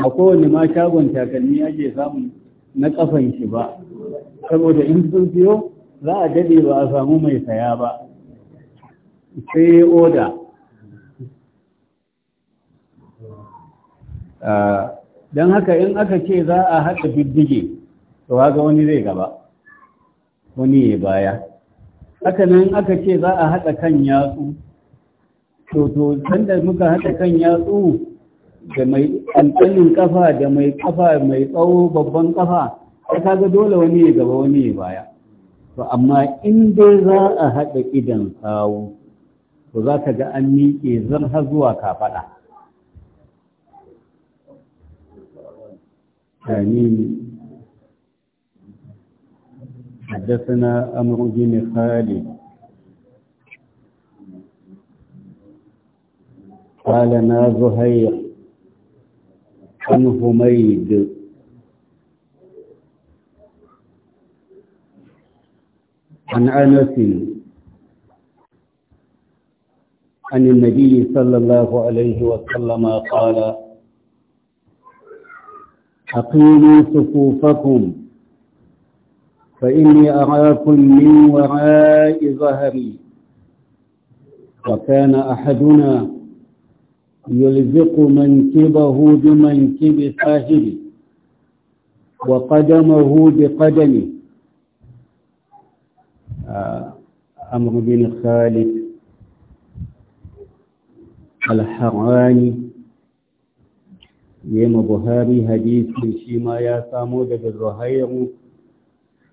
a kowane ma shagon takalmi ake samun na kafan shi ba saboda in sun siyo za a dade ba a samu mai saya ba sai ya oda ah, don haka in aka ce za a haɗa biddige to haka wani zai gaba wani ya baya haka nan aka ce za a haɗa kan yatsu to to sanda muka haɗa kan yatsu da mai ƙanƙanin ƙafa da mai ƙafa mai tsawo babban ƙafa, ya kaga dole wani ya gaba wani ya baya to amma in dai za a haɗa idan sawu to za ka ga an miƙe zan har zuwa kafaɗa حدثنا أمر بن خالد قال ما زهير عن حميد عن أنس عن النبي صلى الله عليه وسلم قال أقيموا صفوفكم فإني أراكم من وراء ظهري وكان أحدنا يلزق منكبه بمنكب صاحبه وقدمه بقدمه عمرو بن خالد الحراني yema buhari hadisin shi ma ya samo daga zuhairu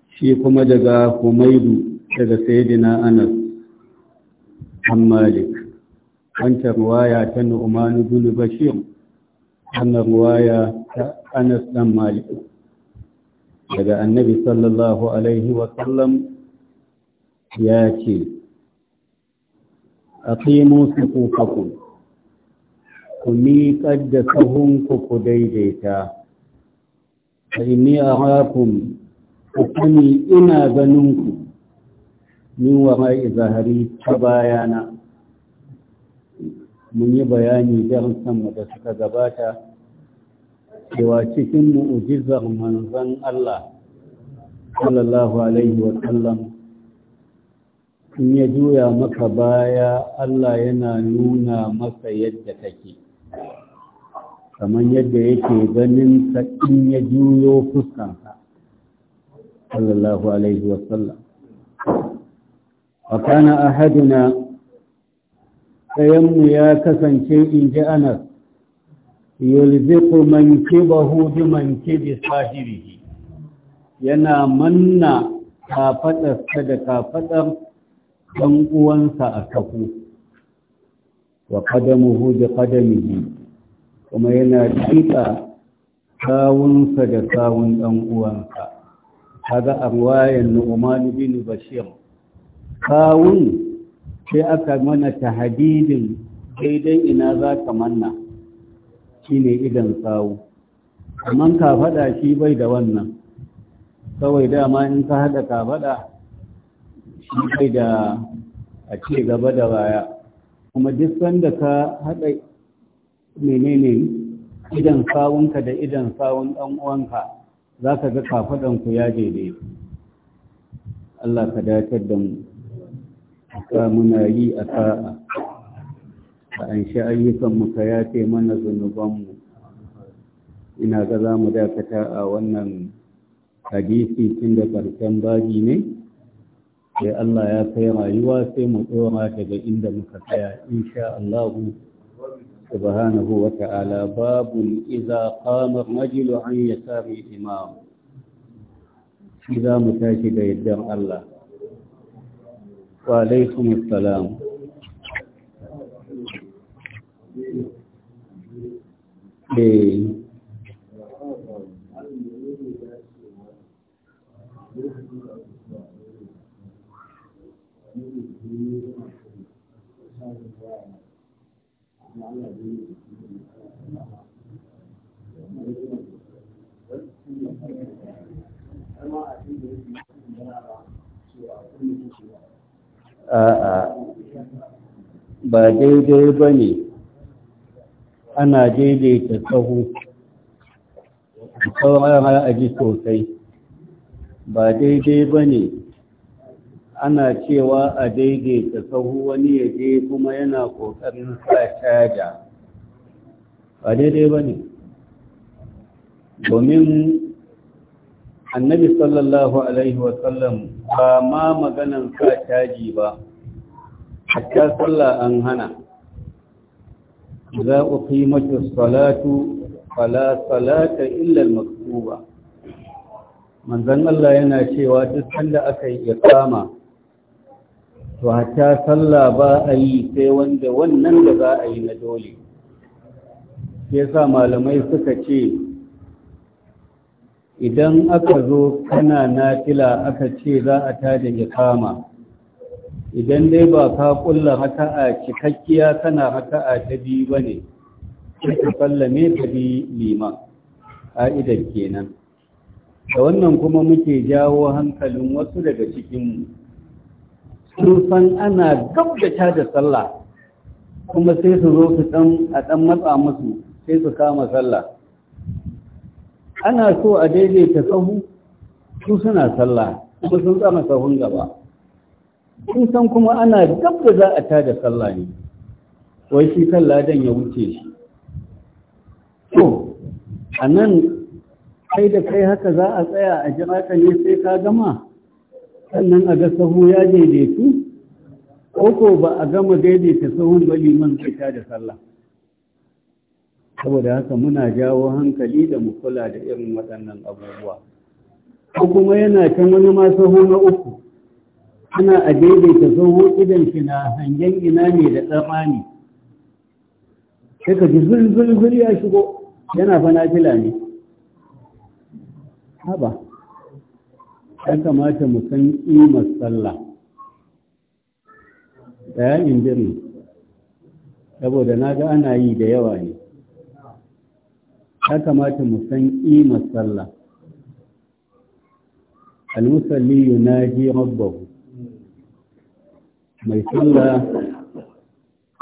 shi kuma daga humaidu daga sayidina anas hammali أنت رواية نعمان بن بشير أن رواية أنس بن مالك daga annabi sallallahu alaihi wasallam ya ce a ƙimu su kufaku ku miƙar da sahunku ku daidaita a inni a ku kuni ina zahari ta bayana mun yi bayani mu da suka gabata cewa cikin mu'ujizar manzan Allah sallallahu alaihi wa sallam in ya juya maka baya Allah yana nuna masa yadda take kamar yadda yake ganin ta in ya juyo fuskanka sallallahu alaihi wa sallam wa kana ahaduna ɗayanmu ya kasance in ji anas yulziku mankibahu bi mankibi sahibihi yana manna kafaɗarsa da kafaɗar ɗan uwansa a kafu wa qadamuhu bi qadamihi kuma yana tsika kawunsa da kawun ɗan uwansa kaga arwayan nu'man bin bashir kawun sai aka mana tahadidin daidai ina za ka manna shi ne idan sawu amma ka shi bai da wannan kawai dama in ka haɗa ka shi bai da a ce gaba da baya kuma duk sanda ka haɗa menene idan sawunka da idan sawun ɗan uwanka za ka ga kafaɗanku ya daidai Allah ka dace da mu ka muna yi a sa'a A an shi ayyukanmu ka yafe mana zunubanmu ina ga za mu dakata a wannan hadisi tun da ƙarshen baji ne sai Allah ya kai rayuwa sai mu tsora daga inda muka tsaya insha Allah subhanahu wa ta'ala babu iza qama rajulu an yasari imam shi za mu tashi ga yaddan Allah وعليكم السلام إيه. Thank you. a'a ba daidai ba ne ana daidaita tsaho sauran ra'aji sosai ba daidai ba ne ana cewa a daidaita tsaho wani ya je kuma yana ƙoƙarin sa caja ba daidai ba ne domin annabi sallallahu alaihi wasallam ba ma maganan sa caji ba hatta sallah an hana za ku qimatu salatu fala salata illa al-maktuba manzon Allah yana cewa duk sanda aka yi iqama to hatta sallah ba a yi sai wanda wannan da za a yi na dole yasa malamai suka ce idan aka zo kana nafila aka ce za a tada ikama idan dai ba ka kulla raka'a cikakkiya kana raka'a ta biyu bane sai ka sallame bi liman ka'idar kenan da wannan kuma muke jawo hankalin wasu daga cikin sun san ana gabdata da sallah kuma sai su zo su dan a dan matsa musu sai su kama sallah ana so a daidaita sahu su suna sallah kuma sun tsama sahun gaba sun san kuma ana dabba da za a tada sallah ne wai shi kan ladan ya wuce shi to a nan kai da kai haka za a tsaya a jira ka ne sai ka gama sannan a ga sahu ya daidaitu ko ba a gama daidaita sahun ba liman zai da sallah saboda haka muna jawo hankali da mu kula da irin waɗannan abubuwa ko kuma yana can wani ma saho na uku ana a daidaita saho idan shi na hangen ina ne da tsamani sai ka ji zulzulzul ya shigo yana fana fila ne haba ya kamata mu san imar sallah da ya saboda na ga ana yi da yawa ne ya kamata mu san imar sallah al-musalli yunaji rabbahu mai sallah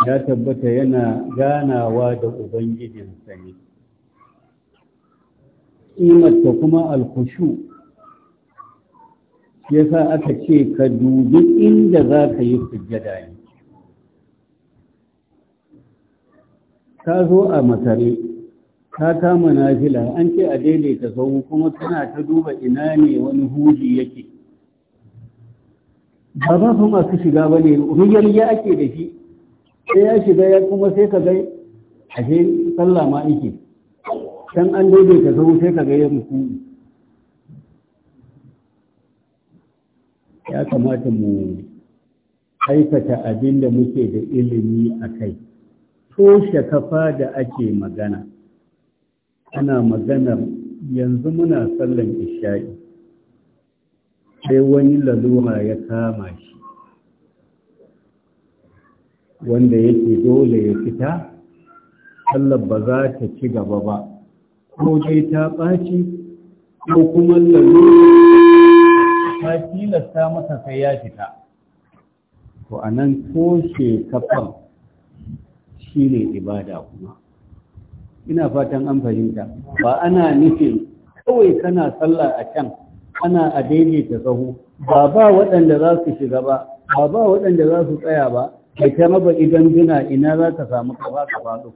ya tabbata yana ganawa da ubangijinsa ne ƙimarta kuma alkushu ya yasa aka ce ka dubi inda za ka yi sujjada ne ka zo a makare ta kama nafila an ce a daidaita sau kuma tana ta duba ina ne wani huji yake ba ba su masu shiga ba ne ya ake da shi sai ya shiga ya kuma sai ka gai ashe sallah ma ake can an daidaita sau sai ka gai ya ruku ya kamata mu aikata abin da muke da ilimi a kai toshe kafa da ake magana ana maganar yanzu muna sallan isha'i sai wani lalura ya kama shi wanda yake dole ya fita sallar ba za ta ci gaba ba ko dai ta ɓaci ko kuma lalura ta tilasta masa sai ya fita to anan nan toshe kafan shi ne ibada kuma ina fatan an fahimta ba ana nufin kawai kana sallah a can ana a daidaita sahu ba ba waɗanda za su shiga ba ba ba waɗanda za su tsaya ba kai ta maba idan gina ina za ka samu kafa ka faɗo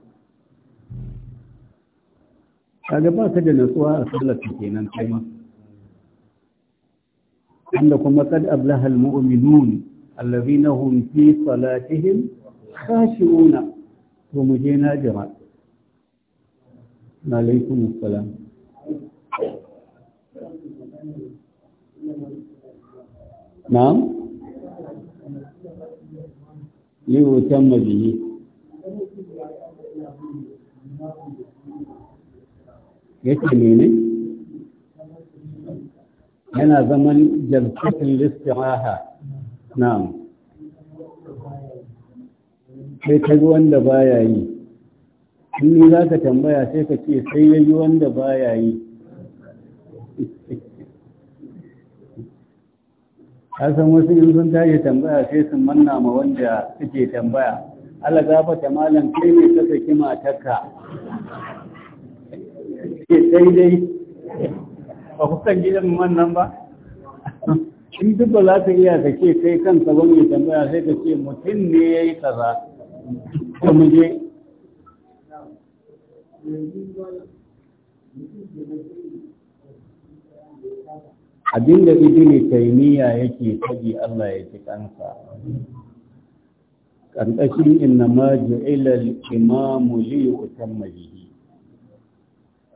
kaga ba ka da natsuwa a sallar kenan kai ma inda kuma kad ablaha almu'minun allazina hum fi salatihim khashi'una to mu je na jama'a alaikum assalam na'am liwutan mabiyi yake ne yana zaman listiraha na'am sai ta wanda baya yi in ni za ka tambaya sai ka ce sai ya yi wanda ba ya yi san wasu in sun tashi tambaya sai sun manna ma wanda suke tambaya Allah ta malam kai ne ka saki matarka ke daidai ba kusan gidan wannan ba in duk ba za ka iya ka ce kai kan ba mai tambaya sai ka ce mutum ne ya yi kaza kuma je abinda ibini taimiyya yake faɗi Allah ya ci kansa ƙarƙashin ma ju'ilal imamu li utan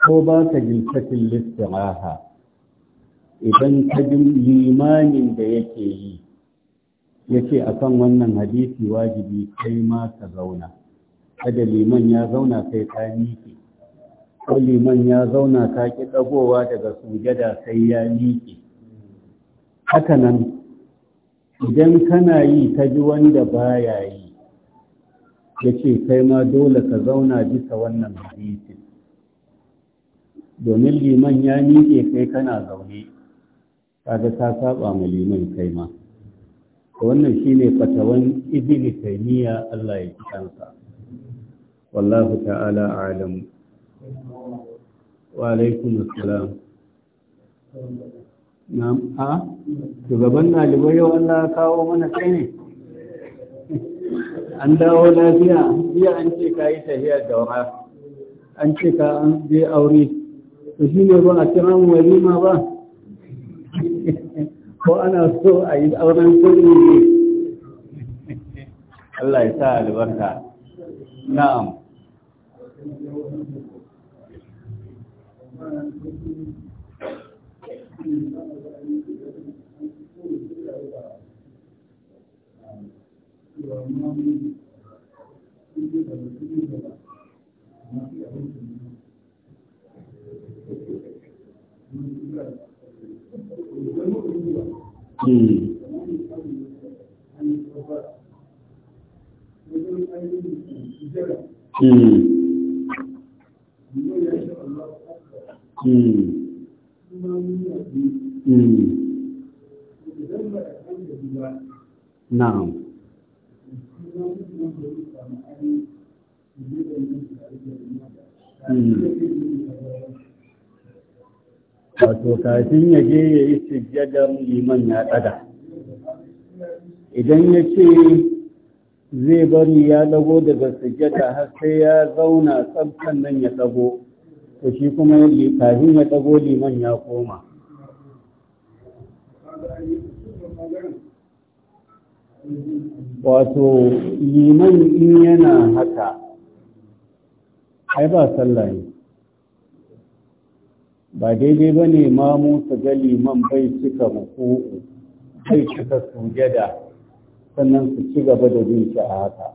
ko ba ka jilfatin listiraha idan ka ji limanin da yake yi yake akan wannan hadisi wajibi kai ma ka zauna kada liman ya zauna sai ta miƙe ko liman ya zauna ta ƙi ɗagowa daga sujada sai ya miƙe haka nan idan kana yi ta ji wanda baya yi ya ce kai ma dole ka zauna bisa wannan hadisin domin liman ya miƙe kai kana zaune kaga ta saba ma liman kai ma wannan shine fatawan kai taymiya Allah ya kiyansa والله تعالى a'lam wa السلام نعم ها a shugaban ɗalibai كاو من ya kawo mana kai an dawo lafiya jiya an ce ka yi tahiyar daura an ce ka an je aure to ne ba a kira mu walima ba ko ana so a yi auren kuɗi Allah ya sa albarka na'am Mm. Mm. Hmm. na'am hmm. wato kafin ya je ya yi sujjadar liman ya ɗaga idan ya ce zai bari ya ɗago daga sujjada har sai ya zauna tsabtan nan ya ɗago to shi kuma yadda kafin ya ɗago liman ya koma wato liman in yana haka ai ba sallah ne ba daidai ba ne ma Musa ga liman bai cika ruku'u bai cika sujada sannan su ci gaba da bin a haka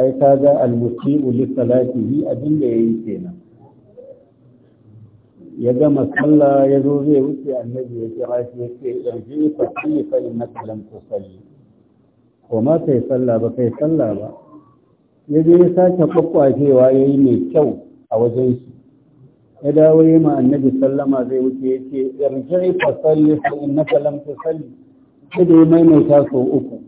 ai ka ga almusi'u li salatihi abin da yayi kenan ya gama sallah ya zo zai wuce annabi ya kira shi ya ce irji fa salli fa innaka lam tusalli ko ma kai sallah ba kai sallah ba ya je ya sake kwakwacewa ya yi mai kyau a wajen shi ya dawo yi ma annabi sallama zai wuce ya ce irji fa salli fa innaka lam tusalli sai da ya maimaita sau uku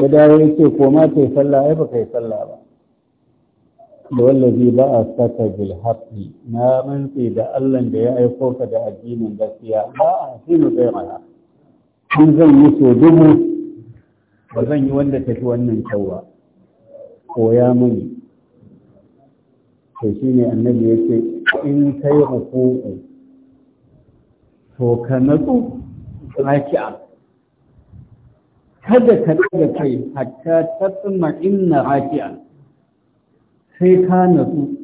ya dawo ya ce ko ma ta yi sallah ai ba ka yi sallah ba da wallazi ba a saka bilhafi na mantsi da Allah da ya aiko ka da addinin gaskiya ba a sinu zai mana in zan yi so dubu ba zan yi wanda ta fi wannan kyau ba koya mani to shi ne annabi ya ce in kai hukuku to ka natsu a kada ka daga kai hatta tsumma inna rafi'a sai ka nasu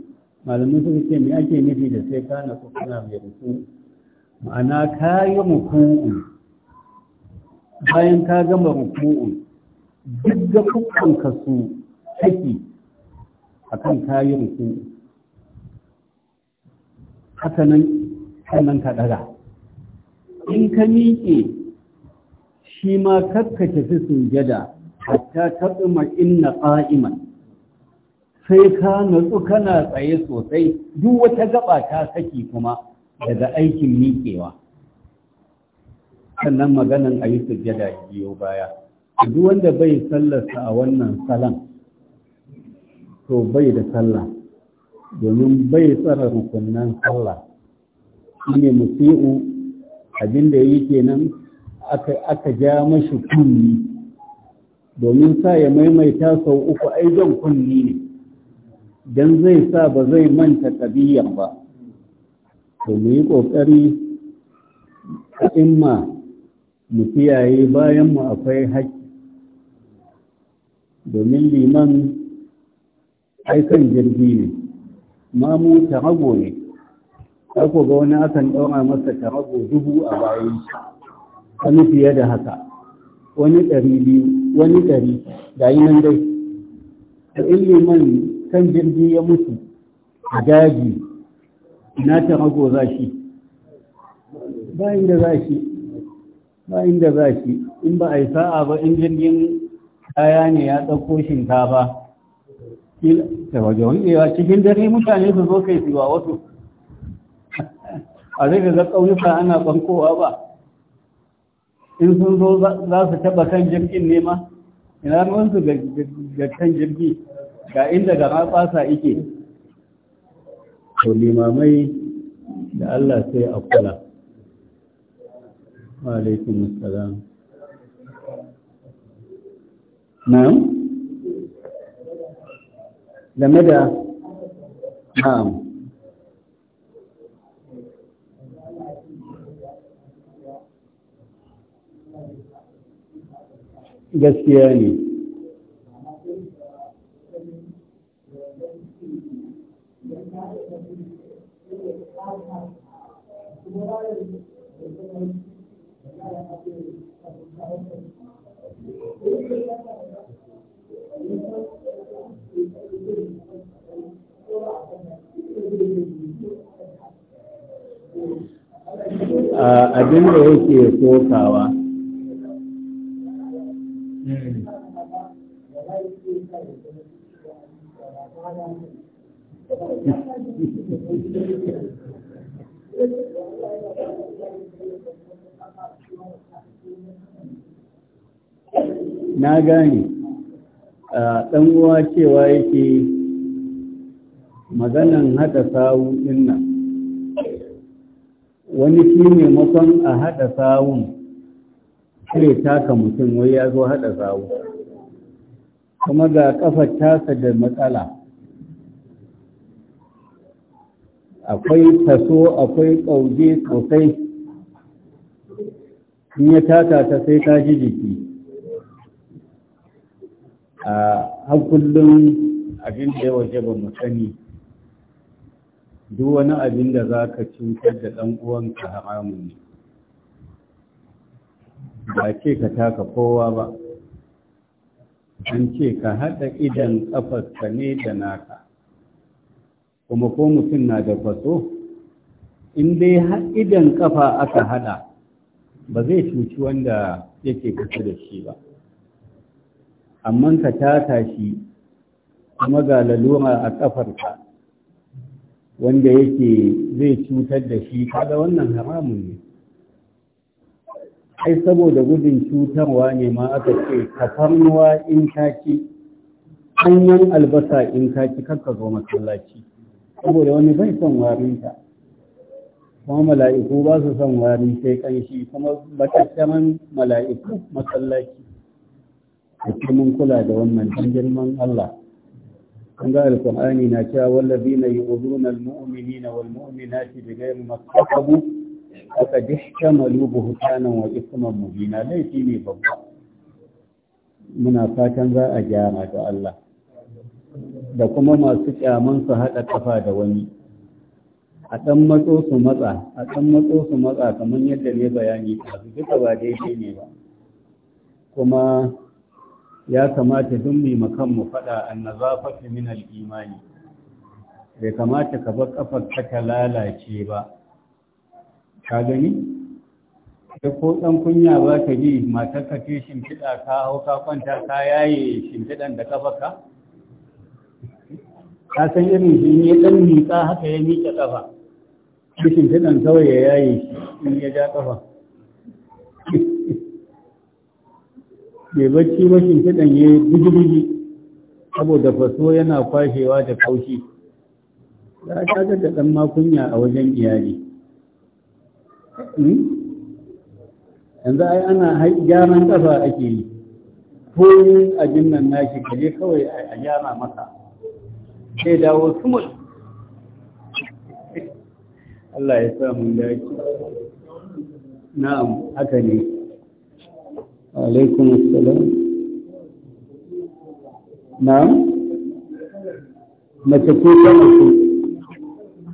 malamin sun ce me ake nufi da sai ka nasu kana mai rufu ma'ana ka yi rufu'un bayan ka gama rufu'un duk da ka su saki akan ka yi rufu'un haka nan sannan ka ɗaga. in ka miƙe shi ma kakka tafi sujada hatta taɓima inna ƙa'iman sai ka natsu kana tsaye sosai duk wata gaba ta saki kuma daga aikin miƙewa sannan maganan a yi sujada biyo baya duk wanda bai sallarsa a wannan salan to bai da sallah domin bai tsara rukunan sallah shine musi'u abinda yake nan? aka ja mashi kunni domin sa ya maimaita sau uku ai zan kunni ne don zai sa ba zai manta tabiyan ba to mu yi ƙoƙari imma mu kiyaye bayan mu akwai haƙƙi domin liman aikan jirgi ne mamu tarago ne ko ga wani akan ɗaura masa tarago dubu a bayan shi wani fiye da haka wani ɗari biyu wani ɗari da yi nan dai da man kan jirgi ya mutu a daji na ta rago za shi ba inda za shi ba inda za shi in ba a yi sa'a ba in jirgin kaya ne ya ɗauko shinkafa ta waje wangewa cikin dare mutane su zo kai siwa wasu a zai ga ƙauyuka ana ɓankowa ba in sun zo za su taba kan jirgin nema ina ruwansu ga kan jirgi ga inda ga matsasa ike to limamai da Allah sai a kula wa alaikum assalam na'am game da na'am gaskiya ne abin da yake kokawa Hmm. na gane ɗan uwa cewa yake maganan haɗa sawun ɗin nan wani shi ne makon a haɗa sawun cire taka mutum wai ya zo haɗa zawo kuma ga ƙafa tasa da matsala akwai taso akwai ƙauje sosai in ya taka ta sai ta ji jiki a har kullum abin da ya waje ba mu sani duk wani abin da za ka cutar da ɗan uwanka haramun ne ba ce ka taka kowa ba an ce ka haɗa idan ƙafarka ne da naka kuma ko mutum na da faso in dai idan ƙafa aka haɗa ba zai cuci wanda yake kusa da shi ba amma ka taka shi kuma ga lalura a ƙafarka wanda yake zai cutar da shi kaga wannan haramun ne ai saboda gudun cutarwa ne ma aka ce tafarnuwa in kaki hanyar albasa in kaki kakka zo masallaci saboda wani bai son warinta kuma mala'iku ba su son wari sai kanshi kuma batattaman mala'iku masallaci a mun kula da wannan dan girman Allah kun ga alkur'ani na cewa wallabi na yi uzunan mu'mini na wal mu'minati da gairu aka dishkamalu buhutanan wa isman mubina laifi ne babba muna fatan za a gyara da Allah da kuma masu kyaman su haɗa kafa da wani a ɗan matso su matsa a ɗan matso su matsa kamar yadda ne bayani a duka ba daidai ne ba kuma ya kamata duk mai makan mu faɗa annazafatu min al-imani bai kamata ka bar kafar ka ta lalace ba ka gani da ko ɗan kunya ba ka ji matar ka ce shimfiɗa ka hau ka kwanta ka yaye shimfiɗan da kafa ka ka san irin shi ne ɗan miƙa haka ya miƙa kafa shi shimfiɗan kawai ya yaye shi in ya ja kafa ke bacci ba shimfiɗan ya bugi-bugi saboda faso yana kwashewa da kaushi Ya a da ɗan makunya a wajen iyali Hmm? yanzu ai ana gyaran ƙasa ake yi Ko yin abin nan nashi kaje kawai a gyara masa sai dawo sumul Allah ya samu dace na'am haka ne alaikum assalam na'am mace ko ta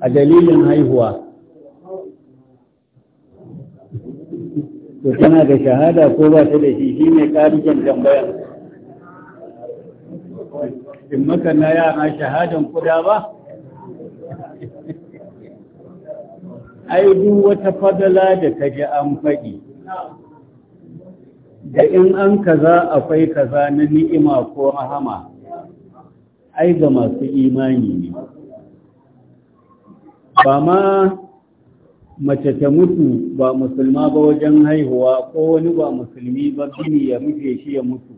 a dalilin haihuwa to tana da shahada ko ba ta da shi shi ne ƙarikin tambayar. in maka na yara shahadan kuda ba ai duk wata fadala da kaji ji an faɗi da in an kaza akwai kaza na ni'ima ko rahama ai ga masu imani ne ba ma mace ta mutu ba musulma ba wajen haihuwa ko wani ba musulmi ba gini ya rufe shi ya mutu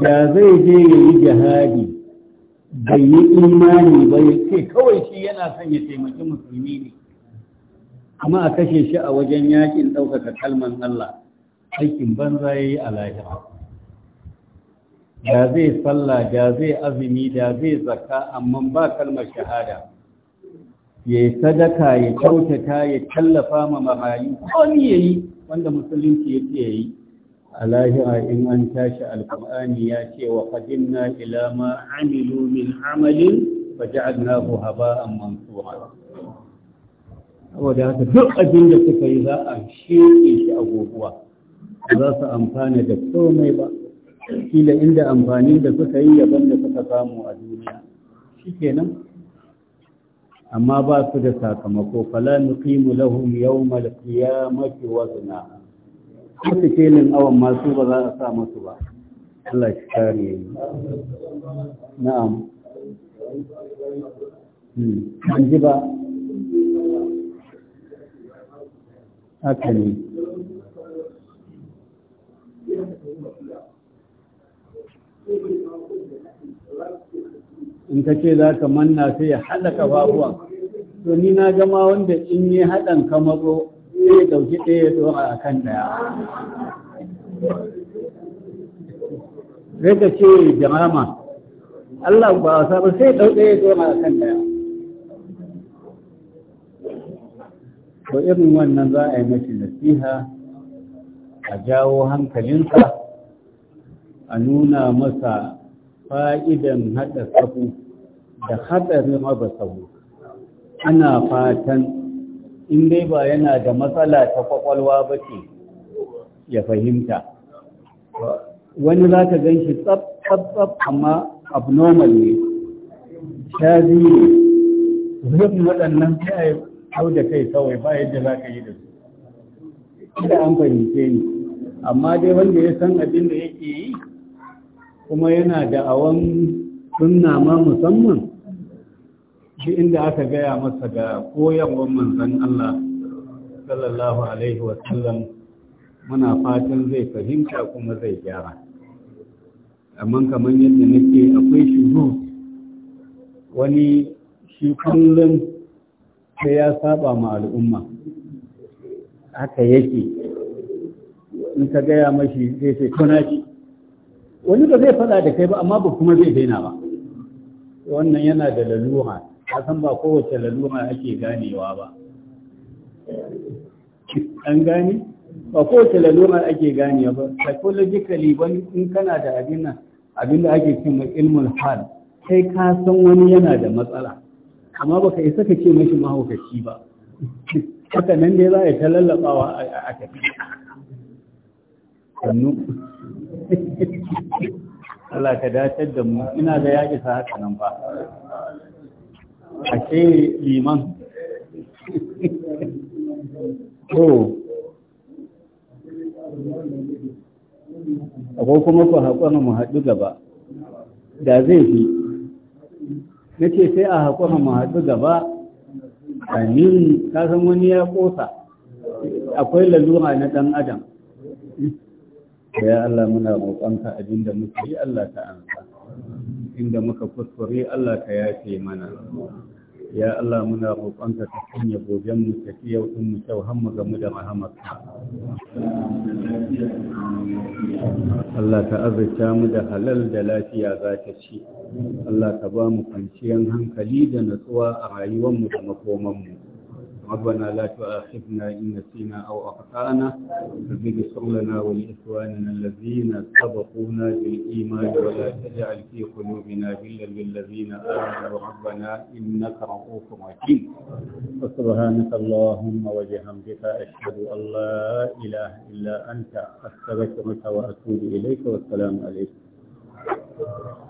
da zai je ya yi jihadi bai yi imani ba ya ce kawai shi yana son ya taimaki musulmi ne amma a kashe shi a wajen yakin ɗaukaka kalman Allah aikin banza ya yi a lahira da zai sallah da zai azumi da zai zakka amma ba kalmar shahada ya yi sadaka ya kyautata ya tallafa ma marayu komi ya yi wanda musulunci ya ce ya yi a lahira in an tashi alkur'ani ya ce wa qadimna na ma amilu min amalin fa ja'alnahu haba'an mansuwa saboda haka duk abin da suka yi za a shirke shi a gobuwa za su amfana da komai ba kila inda amfanin da suka yi yaban da suka samu a duniya shi kenan amma ba su da sakamako fala nuqimu lahum al qiyamati wazna su kelin awan ma su ba za a sa musu ba Allah shi kare ni na'am hmm. an ji ba haka ne Thank you. in ka ce za ka manna sai ya haɗa babuwa, to ni na gama wanda in yi haɗan ka mazo sai ya ɗauki ɗaya ya ɗora a kan ɗaya sai ka ce jama'a Allah ba sa ba sai ɗau ɗaya ya ɗora a kan ɗaya to irin wannan za a yi mashi nasiha a jawo hankalinsa a nuna masa fa'idan haɗa sabu da hatsarin raba sabu ana fatan in dai ba yana da matsala ta kwakwalwa ba ce ya fahimta wani za ka gan shi tsab tsab amma abnormal ne shazi ne zurfin waɗannan sai hau da kai kawai ba yadda za ka yi da su ina an fahimce ni amma dai wanda ya san abin da yake yi kuma yana da awon sunna ma musamman shi inda aka gaya masa ga koyarwar manzon Allah sallallahu alaihi wasallam muna fatan zai fahimta kuma zai gyara amma kamar yadda nake akwai shuru wani shi kullum sai ya saba ma al'umma haka yake in ka gaya mashi zai sai tuna shi wani ba zai faɗa da kai ba amma ba kuma zai daina ba wannan yana da lalura Ya san ba kowace lalura ake ganewa ba an gane ba kowace lalura ake ganewa ba psychologically wani in kana da abin abinda ake cin ilmul hal sai ka san wani yana da matsala amma ba ka isa ka ce mashi mahaukaci ba haka nan dai za a yi ta lallaɓawa a tafi Allah ka dacar da mu ina da ya isa haka nan ba a ce liman to akwai kuma ku haƙona mu haɗu gaba da zai fi na ce sai a haƙona mu haɗu gaba a ni kasan wani ya ƙosa akwai lalura na ɗan adam ya Allah muna roƙonka abinda muka yi Allah ta ansa inda muka kuskure Allah ka yafe mana ya Allah muna roƙonka ka sanya goben mu tafi yau din mu kyau har mu gamu da rahamarka Allah ta azurta mu da halal da lafiya za ta ci Allah ka ba mu kwanciyar hankali da natsuwa a rayuwar mu da makoman mu ربنا لا تؤاخذنا إن نسينا أو أخطأنا ربنا اغفر لنا ولإخواننا الذين سبقونا بالإيمان ولا تجعل في قلوبنا غلا للذين آمنوا ربنا إنك رؤوف رحيم فسبحانك اللهم وبحمدك أشهد أن لا إله إلا أنت أستغفرك وأتوب إليك والسلام عليكم